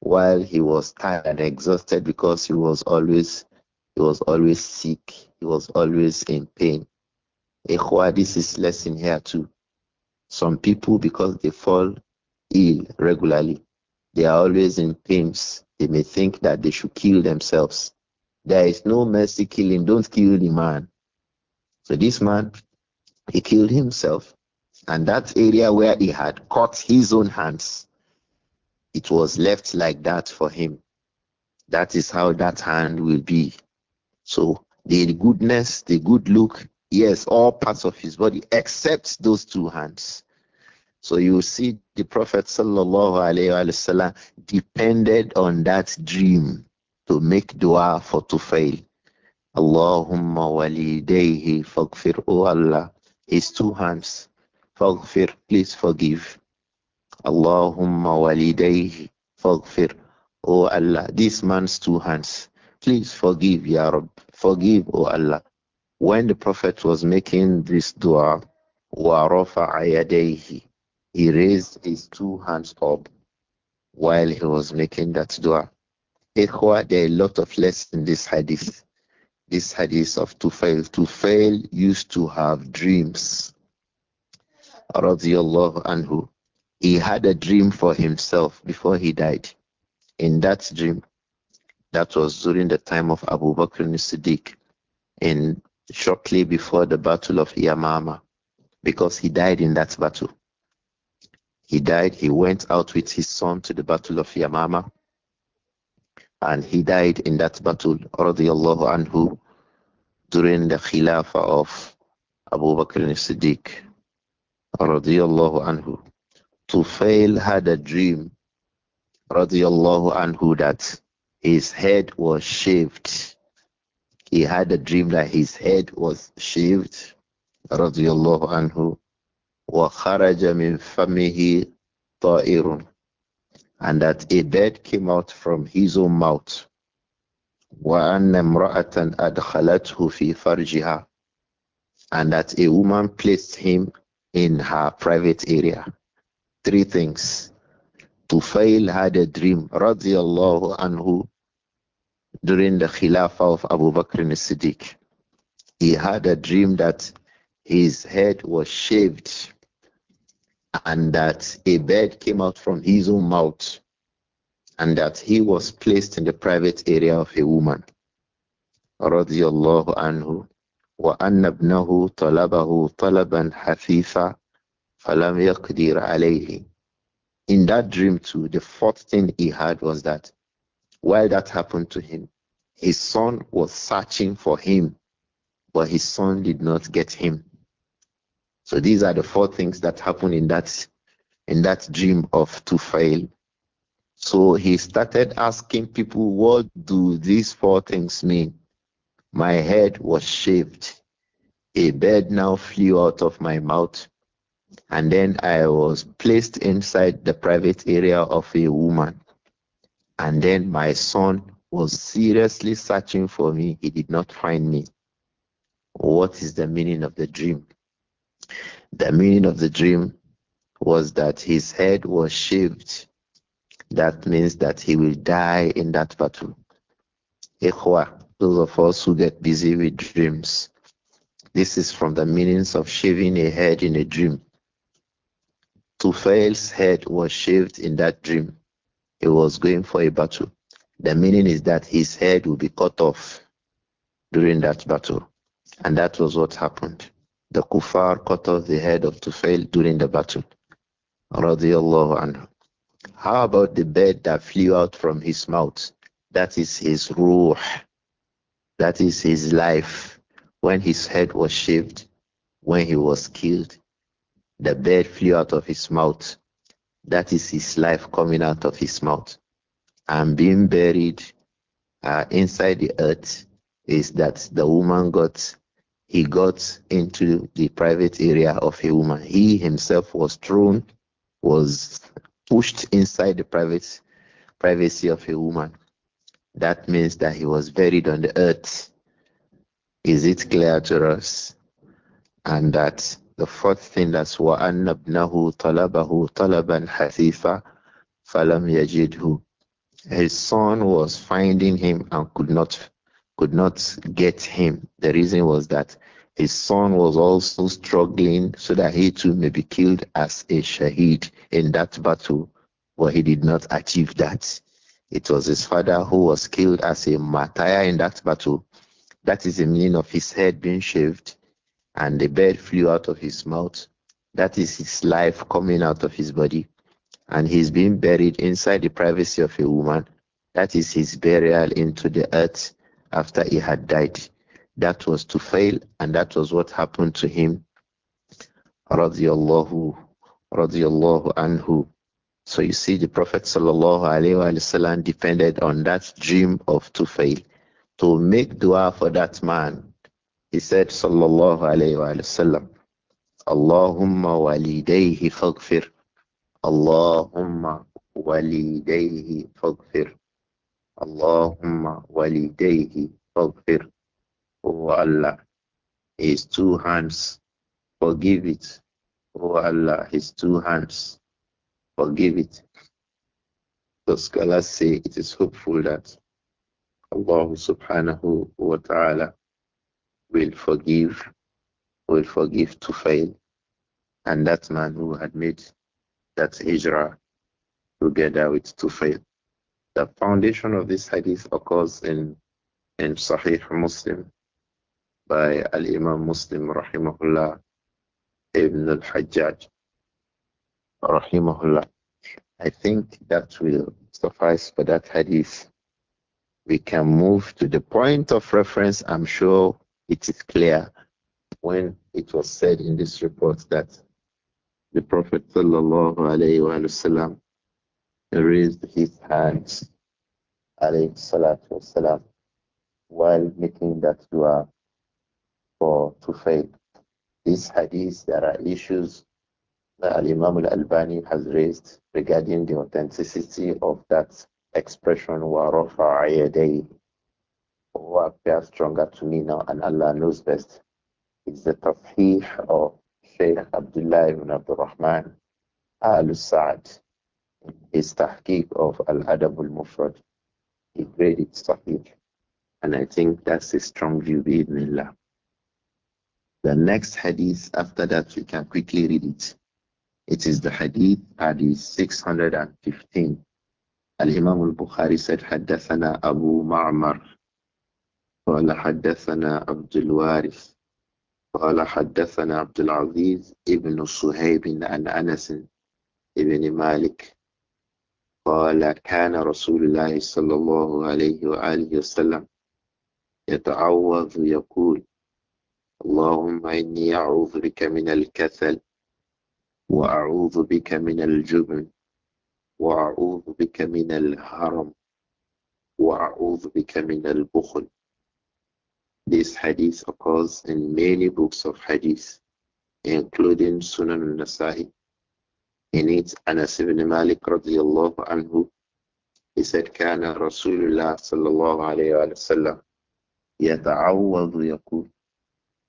while he was tired and exhausted because he was always he was always sick, he was always in pain. Ikhwa, this is lesson here too. Some people because they fall ill regularly, they are always in pains. They may think that they should kill themselves. There is no mercy killing. Don't kill the man. So this man, he killed himself. And that area where he had cut his own hands, it was left like that for him. That is how that hand will be. So the goodness, the good look, yes, all parts of his body except those two hands. So you see, the Prophet وسلم, depended on that dream to make dua for Tufail. Allahumma walidayhi faghfir, O Allah, his two hands, faghfir, please forgive. Allahumma walidayhi faghfir, O Allah, this man's two hands, please forgive, Ya Rabb, forgive, O Allah. When the Prophet was making this dua, وَرَفَعَ يَدَيْهِ he raised his two hands up while he was making that dua. Ikhwa, there are a lot of lessons in this hadith. This hadith of Tufail. Tufail used to have dreams. anhu. He had a dream for himself before he died. In that dream, that was during the time of Abu Bakr al-Siddiq and shortly before the battle of Yamama because he died in that battle. He died. He went out with his son to the Battle of Yamama. And he died in that battle, radiallahu anhu, during the Khilafah of Abu Bakr as-Siddiq, radiallahu anhu. Tufail had a dream, radiallahu anhu, that his head was shaved. He had a dream that his head was shaved, radiallahu anhu, وَخَرَجَ مِنْ فَمِهِ طَائِرٌ And that a bird came out from his own mouth. وَأَنَّ امْرَأَةً أَدْخَلَتْهُ فِي فَرْجِهَا And that a woman placed him in her private area. Three things. Tufail had a dream, الله anhu, during the Khilafah of Abu Bakr as-Siddiq. He had a dream that his head was shaved and that a bird came out from his own mouth, and that he was placed in the private area of a woman. رضي الله عنه وأن ابنه طلبه طلبا حثيثا فلم يقدر عليه. In that dream too, the fourth thing he had was that while that happened to him, his son was searching for him, but his son did not get him. So these are the four things that happen in that in that dream of fail. So he started asking people, what do these four things mean? My head was shaved. A bird now flew out of my mouth. And then I was placed inside the private area of a woman. And then my son was seriously searching for me. He did not find me. What is the meaning of the dream? The meaning of the dream was that his head was shaved. That means that he will die in that battle. Ikhwa, those of us who get busy with dreams, this is from the meanings of shaving a head in a dream. Tufail's head was shaved in that dream. He was going for a battle. The meaning is that his head will be cut off during that battle. And that was what happened the kuffar cut off the head of Tufail during the battle. Radiallahu anhu. How about the bird that flew out from his mouth? That is his ruh. That is his life. When his head was shaved, when he was killed, the bird flew out of his mouth. That is his life coming out of his mouth. And being buried uh, inside the earth is that the woman got he got into the private area of a woman. He himself was thrown, was pushed inside the private privacy of a woman. That means that he was buried on the earth. Is it clear to us? And that the fourth thing that's وَأَنَّ ابْنَهُ طَلَبَهُ طَلَبًا حَثِيفًا فَلَمْ يَجِدْهُ His son was finding him and could not could not get him. The reason was that his son was also struggling so that he too may be killed as a shaheed in that battle, but he did not achieve that. It was his father who was killed as a martyr in that battle. That is the meaning of his head being shaved and the bird flew out of his mouth. That is his life coming out of his body. And he's being buried inside the privacy of a woman. That is his burial into the earth after he had died. That was to fail, and that was what happened to him. Radiallahu, radiallahu anhu. So you see, the Prophet wasallam depended on that dream of fail to make dua for that man. He said, Sallallahu alayhi wasallam, Allahumma walidayhi faghfir. Allahumma walidayhi faghfir. Allahumma walidayhi faghfir. O Allah, his two hands, forgive it. O Allah, his two hands, forgive it. The scholars say it is hopeful that Allah subhanahu wa ta'ala will forgive, will forgive to fail, and that man who had made that hijrah together with fail. The foundation of this hadith occurs in, in Sahih Muslim by Al Imam Muslim rahimahullah Ibn al Hajjaj rahimahullah. I think that will suffice for that hadith. We can move to the point of reference. I'm sure it is clear when it was said in this report that the Prophet sallallahu alayhi wa wasallam raised his hands, alayhi salatu wasalam, while making that dua for Tufayl. This hadith, there are issues that Al Imam Al Albani has raised regarding the authenticity of that expression, wa rafa who appears stronger to me now, and Allah knows best, is the tafheeh of Sheikh Abdullah ibn Abdul Rahman al Sa'd is tahqiq of al adab al mufrad he graded tahqiq and i think that's a strong view In the next hadith after that you can quickly read it it is the hadith hadith 615 al imam al bukhari said haddathana abu ma'mar قال حدثنا عبد الوارث قال حدثنا عبد العزيز ابن صهيب عن Anas ابن Malik." قال كان رسول الله صلى الله عليه وآله وسلم يتعوذ يقول اللهم إني أعوذ بك من الكسل وأعوذ بك من الجبن وأعوذ بك من الهرم وأعوذ بك من البخل This hadith occurs in many books of hadith, including Sunan al-Nasa'i, In it, Anas ibn Malik radiallahu anhu, he said, كان رسول الله صلى الله عليه وسلم يتعوض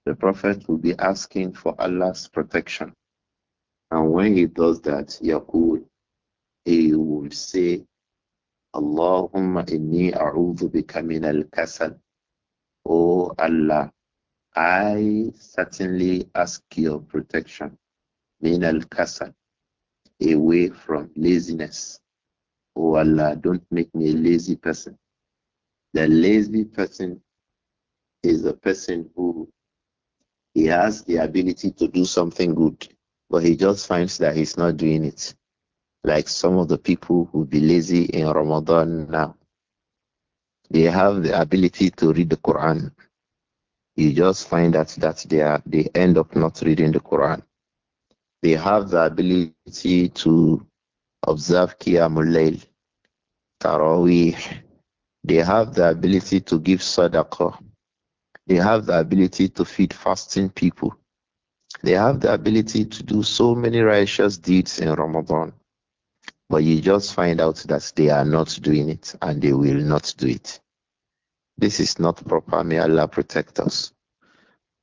The Prophet will be asking for Allah's protection. And when he does that, يقول He will say, Allahumma inni a'udhu bika min al-kasal. O Allah, I certainly ask your protection. Min al-kasal away from laziness. Oh Allah, don't make me a lazy person. The lazy person is a person who he has the ability to do something good, but he just finds that he's not doing it. Like some of the people who be lazy in Ramadan now. They have the ability to read the Quran. You just find that that they are, they end up not reading the Quran they have the ability to observe Qiyamul Layl, Taraweeh. They have the ability to give Sadaqah. They have the ability to feed fasting people. They have the ability to do so many righteous deeds in Ramadan. But you just find out that they are not doing it and they will not do it. This is not proper. May Allah protect us.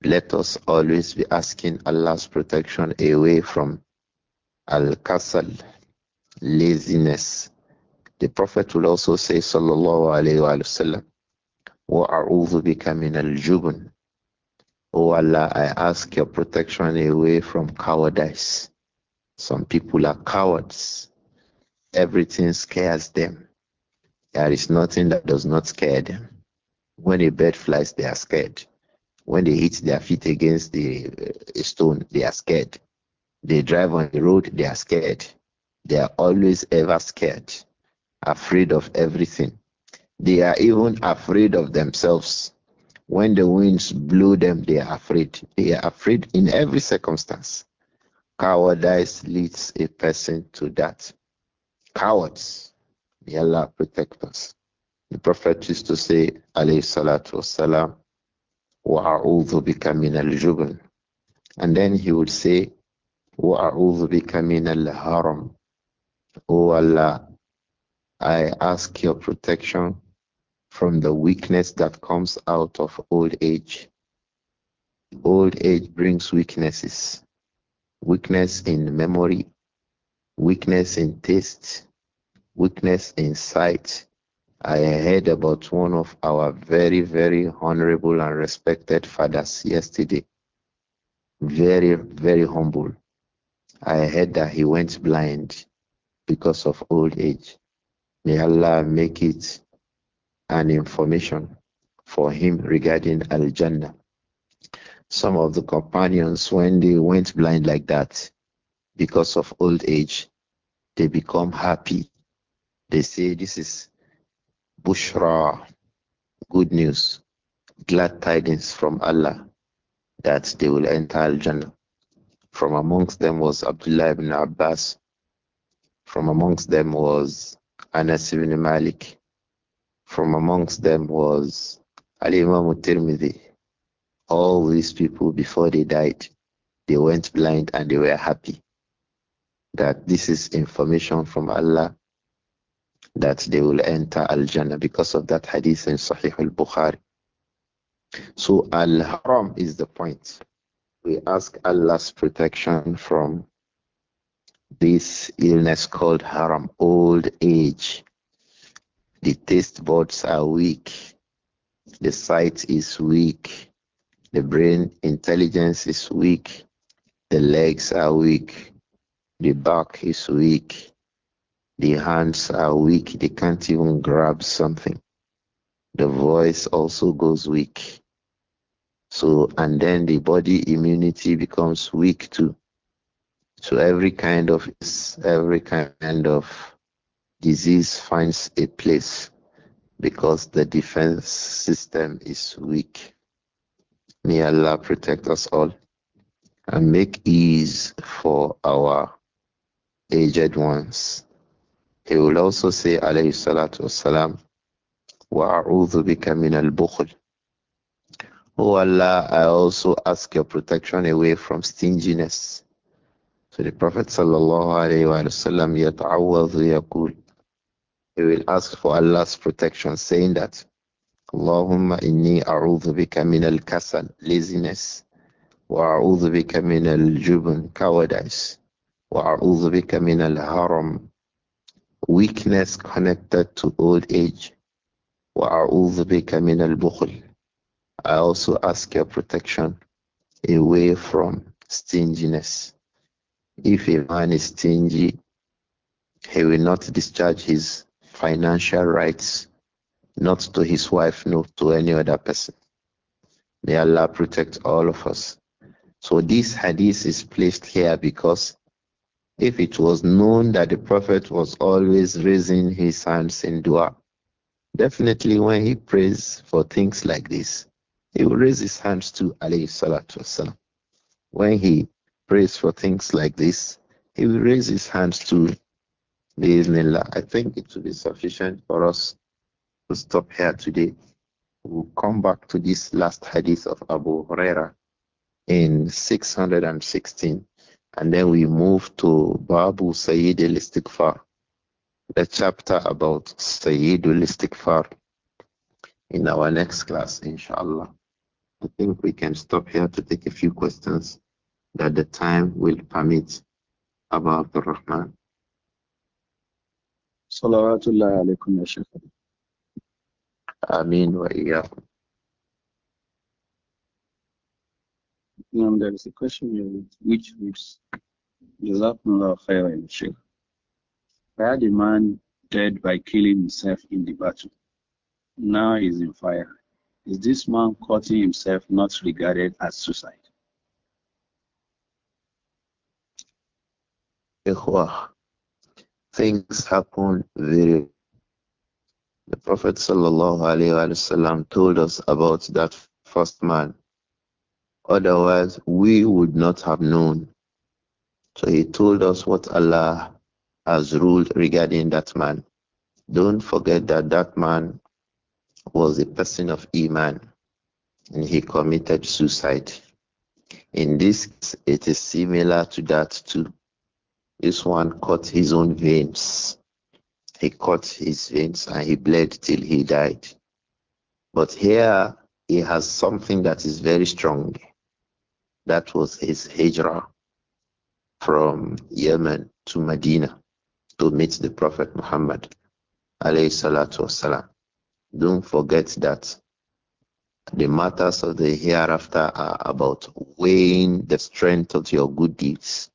Let us always be asking Allah's protection away from al-kasal, laziness. The Prophet will also say, sallallahu alayhi wa sallam, وَأَعُوذُ بِكَ al-jubun." O Allah, I ask your protection away from cowardice. Some people are cowards. Everything scares them. There is nothing that does not scare them. When a bird flies, they are scared. When they hit their feet against the uh, stone, they are scared. They drive on the road, they are scared. They are always ever scared, afraid of everything. They are even afraid of themselves. When the winds blow them, they are afraid. They are afraid in every circumstance. Cowardice leads a person to that. Cowards. May Allah protect us. The Prophet used to say, alayhi salatu wasalam, وَأَعُوذُ بِكَ مِنَ الْجُبْنِ And then he would say, وَأَعُوذُ بِكَ مِنَ الْهَرَمِ O Allah, I ask your protection from the weakness that comes out of old age. Old age brings weaknesses weakness in memory, weakness in taste, weakness in sight, I heard about one of our very, very honorable and respected fathers yesterday. Very, very humble. I heard that he went blind because of old age. May Allah make it an information for him regarding Al Jannah. Some of the companions, when they went blind like that because of old age, they become happy. They say, This is Bushra, good news, glad tidings from Allah that they will enter Al Jannah. From amongst them was Abdullah ibn Abbas. From amongst them was Anas ibn Malik. From amongst them was Ali Imam Tirmidhi. All these people, before they died, they went blind and they were happy that this is information from Allah that they will enter Al Jannah because of that hadith in Sahih al Bukhari. So Al Haram is the point. We ask Allah's protection from this illness called haram, old age. The taste buds are weak, the sight is weak, the brain intelligence is weak, the legs are weak, the back is weak, the hands are weak, they can't even grab something. The voice also goes weak. So, and then the body immunity becomes weak too. So, every kind of every kind of disease finds a place because the defense system is weak. May Allah protect us all and make ease for our aged ones he will also say, alayhi salatu wasalam, bika min al الْبُخْلِ Oh Allah, I also ask your protection away from stinginess. So the Prophet sallallahu alayhi wa sallam yata'awwadhu yaqul. He will ask for Allah's protection saying that Allahumma inni a'udhu bika min al-kasal, laziness, wa a'udhu bika min al-jubn, cowardice, wa a'udhu bika min al-haram, weakness connected to old age. وَأَعُوذُ بِكَ مِنَ I also ask your protection away from stinginess. If a man is stingy, he will not discharge his financial rights, not to his wife, nor to any other person. May Allah protect all of us. So this hadith is placed here because if it was known that the Prophet was always raising his hands in dua, definitely when he prays for things like this, he will raise his hands to alayhi salatu wasalam. When he prays for things like this, he will raise his hands to Bismillah. I think it will be sufficient for us to stop here today. We'll come back to this last hadith of Abu Huraira in 616. And then we move to Babu Sayyid al Istighfar, the chapter about Sayyid al Istighfar in our next class, inshallah. I think we can stop here to take a few questions that the time will permit about Abdul Rahman. Salawatullah alaykum, Ameen wa iyyakum. Um, there is a question here which reads, Jazakumullah khairan, Sheikh. I had a man dead by killing himself in the battle. Now he's in fire. Is this man cutting himself not regarded as suicide? Things happen very. The Prophet sallallahu wasallam told us about that first man Otherwise, we would not have known. So he told us what Allah has ruled regarding that man. Don't forget that that man was a person of Iman and he committed suicide. In this, it is similar to that too. This one cut his own veins. He cut his veins and he bled till he died. But here, he has something that is very strong. That was his hijrah from Yemen to Medina to meet the Prophet Muhammad. Don't forget that the matters of the hereafter are about weighing the strength of your good deeds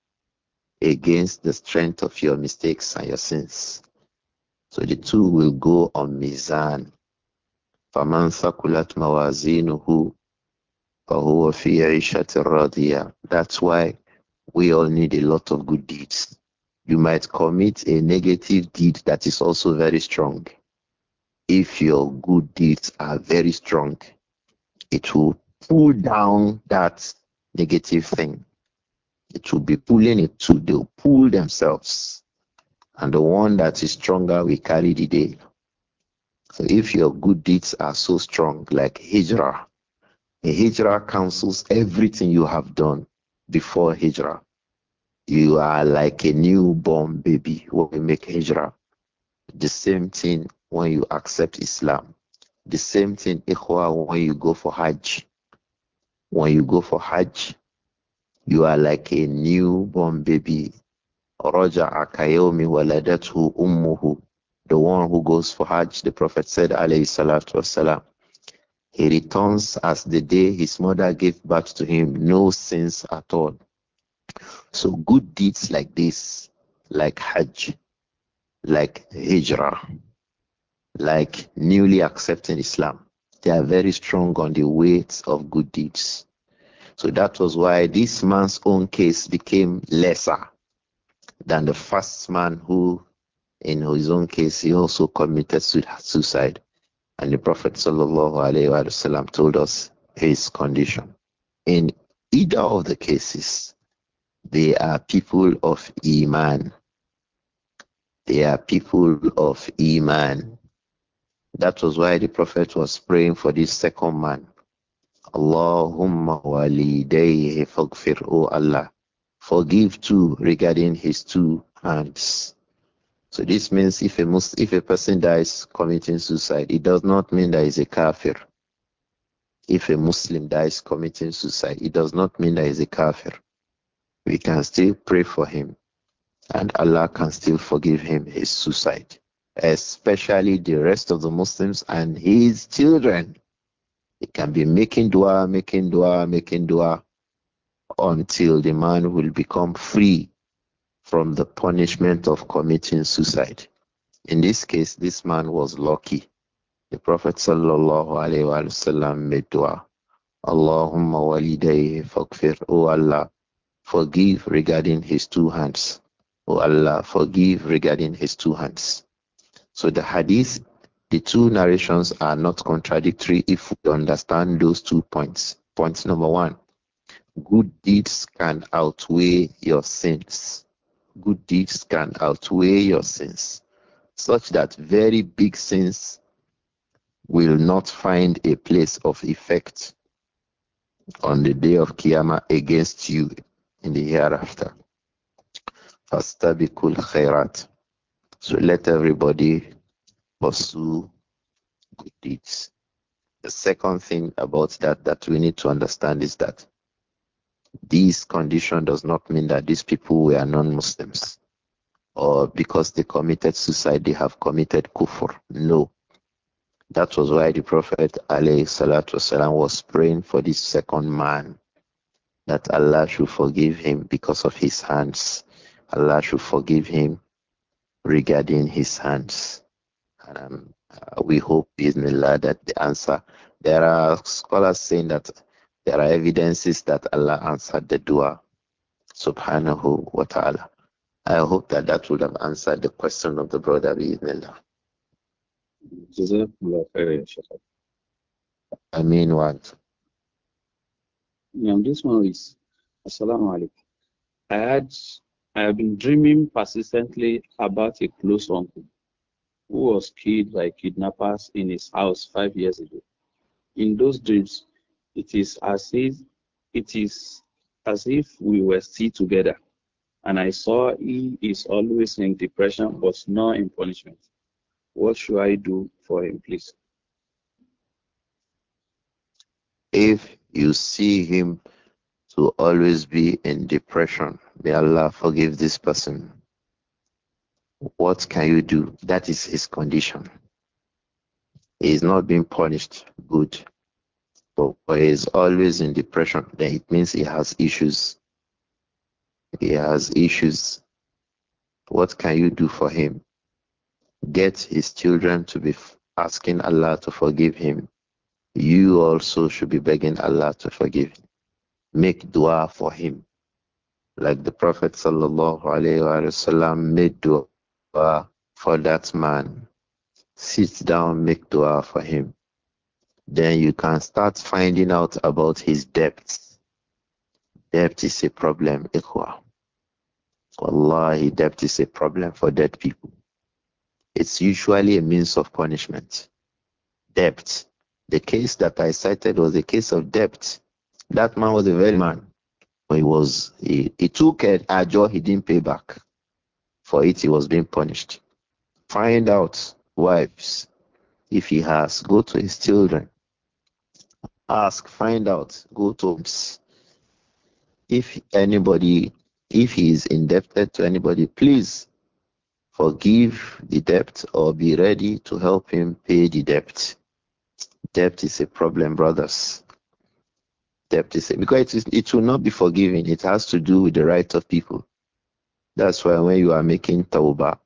against the strength of your mistakes and your sins. So the two will go on Mizan. فَمَنْ ثَقُلَتْ مَوَازِينُهُ that's why we all need a lot of good deeds. You might commit a negative deed that is also very strong. If your good deeds are very strong, it will pull down that negative thing. It will be pulling it to, they'll pull themselves. And the one that is stronger will carry the day. So if your good deeds are so strong, like Hijrah, a hijrah cancels everything you have done before hijrah. You are like a newborn baby when you make hijrah. The same thing when you accept Islam. The same thing, when you go for Hajj. When you go for Hajj, you are like a newborn baby. Raja Akayomi waladatu ummuhu. The one who goes for Hajj, the Prophet said, alayhi salatu wasalam, he returns as the day his mother gave birth to him, no sins at all. So good deeds like this, like Hajj, like Hijrah, like newly accepting Islam, they are very strong on the weight of good deeds. So that was why this man's own case became lesser than the first man who, in his own case, he also committed suicide. And the Prophet ﷺ told us his condition. In either of the cases, they are people of Iman. They are people of Iman. That was why the Prophet was praying for this second man. Allahumma walidayhi faghfir, O Allah. Forgive too regarding his two hands. So this means if a Muslim, if a person dies committing suicide, it does not mean that he's a kafir. If a Muslim dies committing suicide, it does not mean that he's a kafir. We can still pray for him, and Allah can still forgive him his suicide, especially the rest of the Muslims and his children. He can be making dua, making dua, making dua until the man will become free from the punishment of committing suicide. In this case, this man was lucky. The Prophet وسلم, made dua. Allahumma walidayhi faghfir. O Allah, forgive regarding his two hands. O Allah, forgive regarding his two hands. So the hadith, the two narrations are not contradictory if we understand those two points. Point number one, good deeds can outweigh your sins good deeds can outweigh your sins, such that very big sins will not find a place of effect on the day of Kiyama against you in the hereafter. Fastabikul khairat. So let everybody pursue good deeds. The second thing about that that we need to understand is that this condition does not mean that these people were non Muslims or because they committed suicide, they have committed kufr. No. That was why the Prophet والسلام, was praying for this second man that Allah should forgive him because of his hands. Allah should forgive him regarding his hands. And um, we hope, Bismillah, that the answer. There are scholars saying that there are evidences that Allah answered the dua, subhanahu wa ta'ala. I hope that that would have answered the question of the brother, bi'idhnillah. I mean what? Yeah, this one is Assalamu alaikum. I had I have been dreaming persistently about a close uncle who was killed by kidnappers in his house five years ago. In those dreams, it is as if it is as if we were still together. And I saw he is always in depression, but not in punishment. What should I do for him, please? If you see him to always be in depression, may Allah forgive this person. What can you do? That is his condition. He is not being punished. Good or is always in depression, then it means he has issues. He has issues. What can you do for him? Get his children to be asking Allah to forgive him. You also should be begging Allah to forgive him. Make dua for him. Like the Prophet wasallam made dua for that man. Sit down, make dua for him then you can start finding out about his debts. Debt is a problem, ikhwa. Wallahi, debt is a problem for dead people. It's usually a means of punishment. Debt. The case that I cited was a case of debt. That man was a very man. He was he, he took a, a job he didn't pay back. For it he was being punished. Find out, wives, if he has, go to his children ask, find out, go to If anybody, if he is indebted to anybody, please forgive the debt or be ready to help him pay the debt. Debt is a problem, brothers. Debt is a, because it, is, it will not be forgiven. It has to do with the right of people. That's why when you are making tawbah,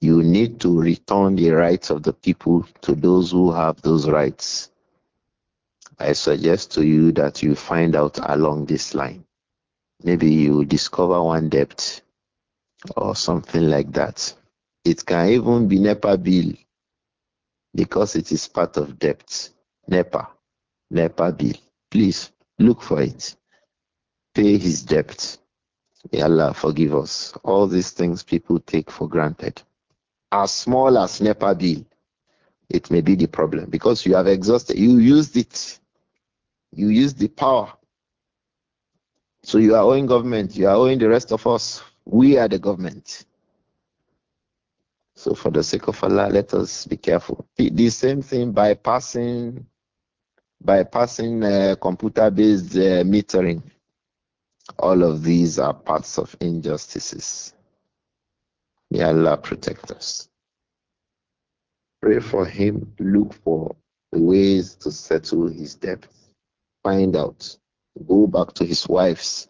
you need to return the rights of the people to those who have those rights. I suggest to you that you find out along this line. Maybe you discover one debt or something like that. It can even be NEPA bill because it is part of debt. NEPA, NEPA bill. Please look for it. Pay his debt. May Allah forgive us. All these things people take for granted. As small as NEPA bill, it may be the problem because you have exhausted, you used it. You use the power. So you are owing government, you are owing the rest of us. We are the government. So for the sake of Allah, let us be careful. The same thing by passing by passing uh, computer-based uh, metering. All of these are parts of injustices. May Allah protect us. Pray for him, look for ways to settle his debts. Find out. Go back to his wives.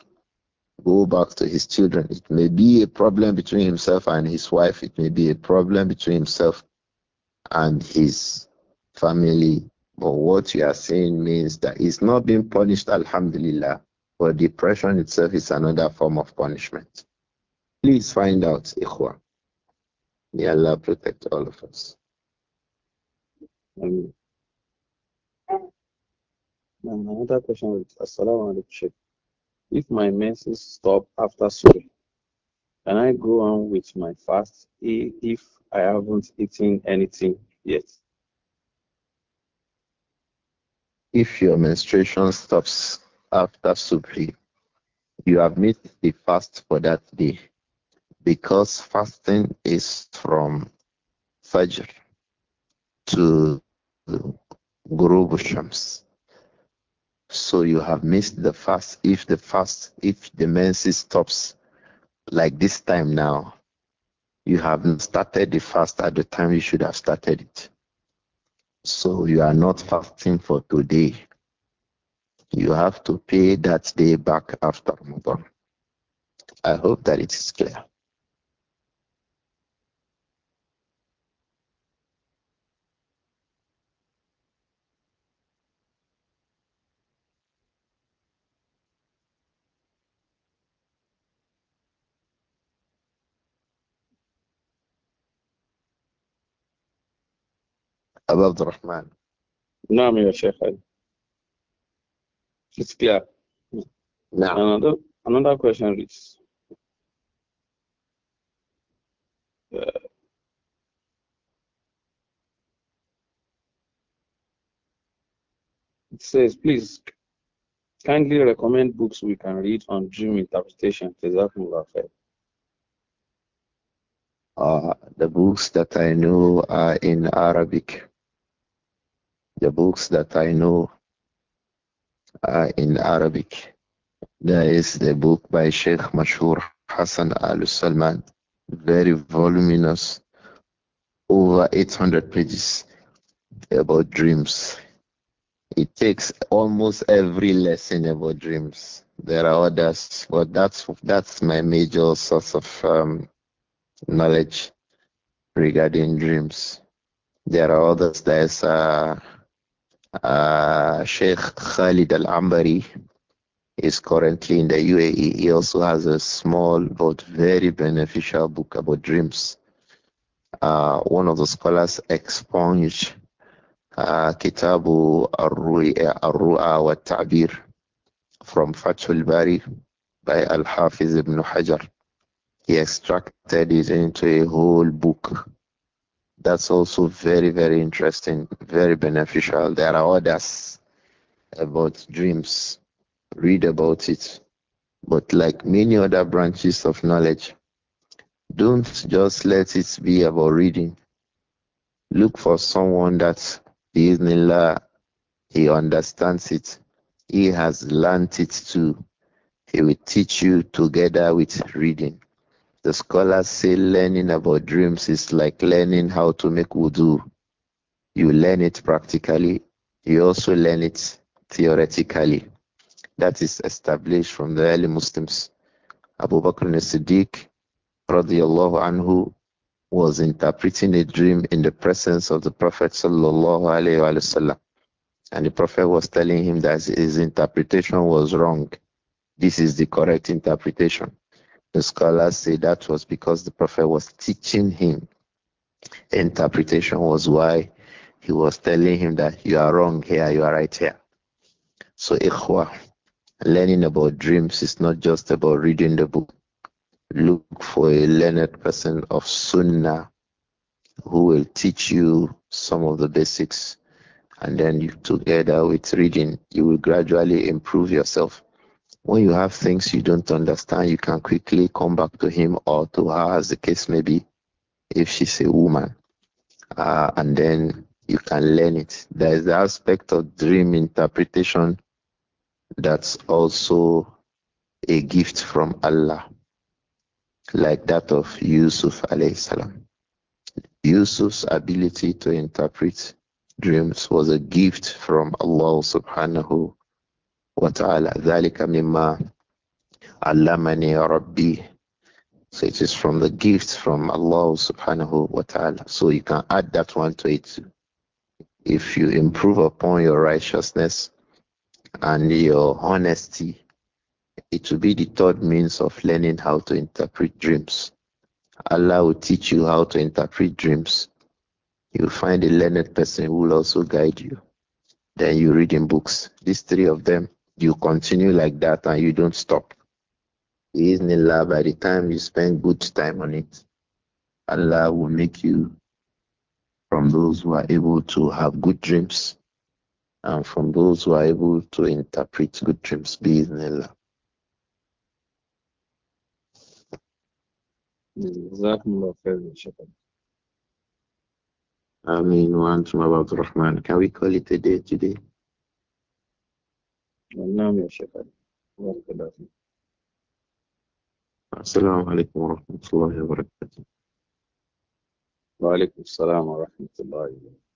Go back to his children. It may be a problem between himself and his wife. It may be a problem between himself and his family. But what you are saying means that he's not being punished, alhamdulillah. But depression itself is another form of punishment. Please find out, Ikhwan. May Allah protect all of us. Amen. And another question is Assalamu alaikum Sheikh. If my menses stop after Surah, can I go on with my fast if I haven't eaten anything yet? If your menstruation stops after Subhi, you have missed the fast for that day because fasting is from Fajr to Guru Shams. So you have missed the fast if the fast, if the menses stops like this time now. You have started the fast at the time you should have started it. So you are not fasting for today. You have to pay that day back after Ramadan. I hope that it is clear. أبا عبد الرحمن نعم يا شيخ It's clear. Now. Another, another question is uh, it says, please kindly recommend books we can read on dream interpretation. Uh, the books that I know are in Arabic. The books that I know are in Arabic. There is the book by Sheikh Mashur Hassan Al Salman, very voluminous, over 800 pages about dreams. It takes almost every lesson about dreams. There are others, but that's that's my major source of um, knowledge regarding dreams. There are others. There's uh, uh, Sheikh Khalid Al Ambari is currently in the UAE. He also has a small but very beneficial book about dreams. Uh, one of the scholars expunged uh, Kitabu Ar-Ru'a wa Ta'bir from Fathul Bari by Al-Hafiz ibn Hajar. He extracted it into a whole book that's also very, very interesting, very beneficial. There are others about dreams. Read about it. But like many other branches of knowledge, don't just let it be about reading. Look for someone in Bismillah, he understands it. He has learnt it too. He will teach you together with reading. The scholars say learning about dreams is like learning how to make wudu. You learn it practically, you also learn it theoretically. That is established from the early Muslims. Abu Bakr al siddiq radiallahu anhu was interpreting a dream in the presence of the Prophet sallallahu and the Prophet was telling him that his interpretation was wrong. This is the correct interpretation. The scholars say that was because the Prophet was teaching him. Interpretation was why he was telling him that you are wrong here, you are right here. So, ikhwa, learning about dreams is not just about reading the book. Look for a learned person of Sunnah who will teach you some of the basics. And then you, together with reading, you will gradually improve yourself. When you have things you don't understand, you can quickly come back to him or to her, as the case may be, if she's a woman. Uh, and then you can learn it. There is the aspect of dream interpretation that's also a gift from Allah, like that of Yusuf alayhi salam. Yusuf's ability to interpret dreams was a gift from Allah subhanahu وتعالى ذلك مما علمني ربي so it is from the gifts from Allah subhanahu wa ta'ala so you can add that one to it if you improve upon your righteousness and your honesty it will be the third means of learning how to interpret dreams Allah will teach you how to interpret dreams you'll find a learned person who will also guide you then you read in books these three of them you continue like that and you don't stop. Allah, by the time you spend good time on it, Allah will make you from those who are able to have good dreams and from those who are able to interpret good dreams. in جزاكم I mean, one وأنتم about Rahman. Can we call it a day today? نعم يا شيخ بارك الله فيك السلام عليكم ورحمة الله وبركاته وعليكم السلام ورحمة الله وبركاته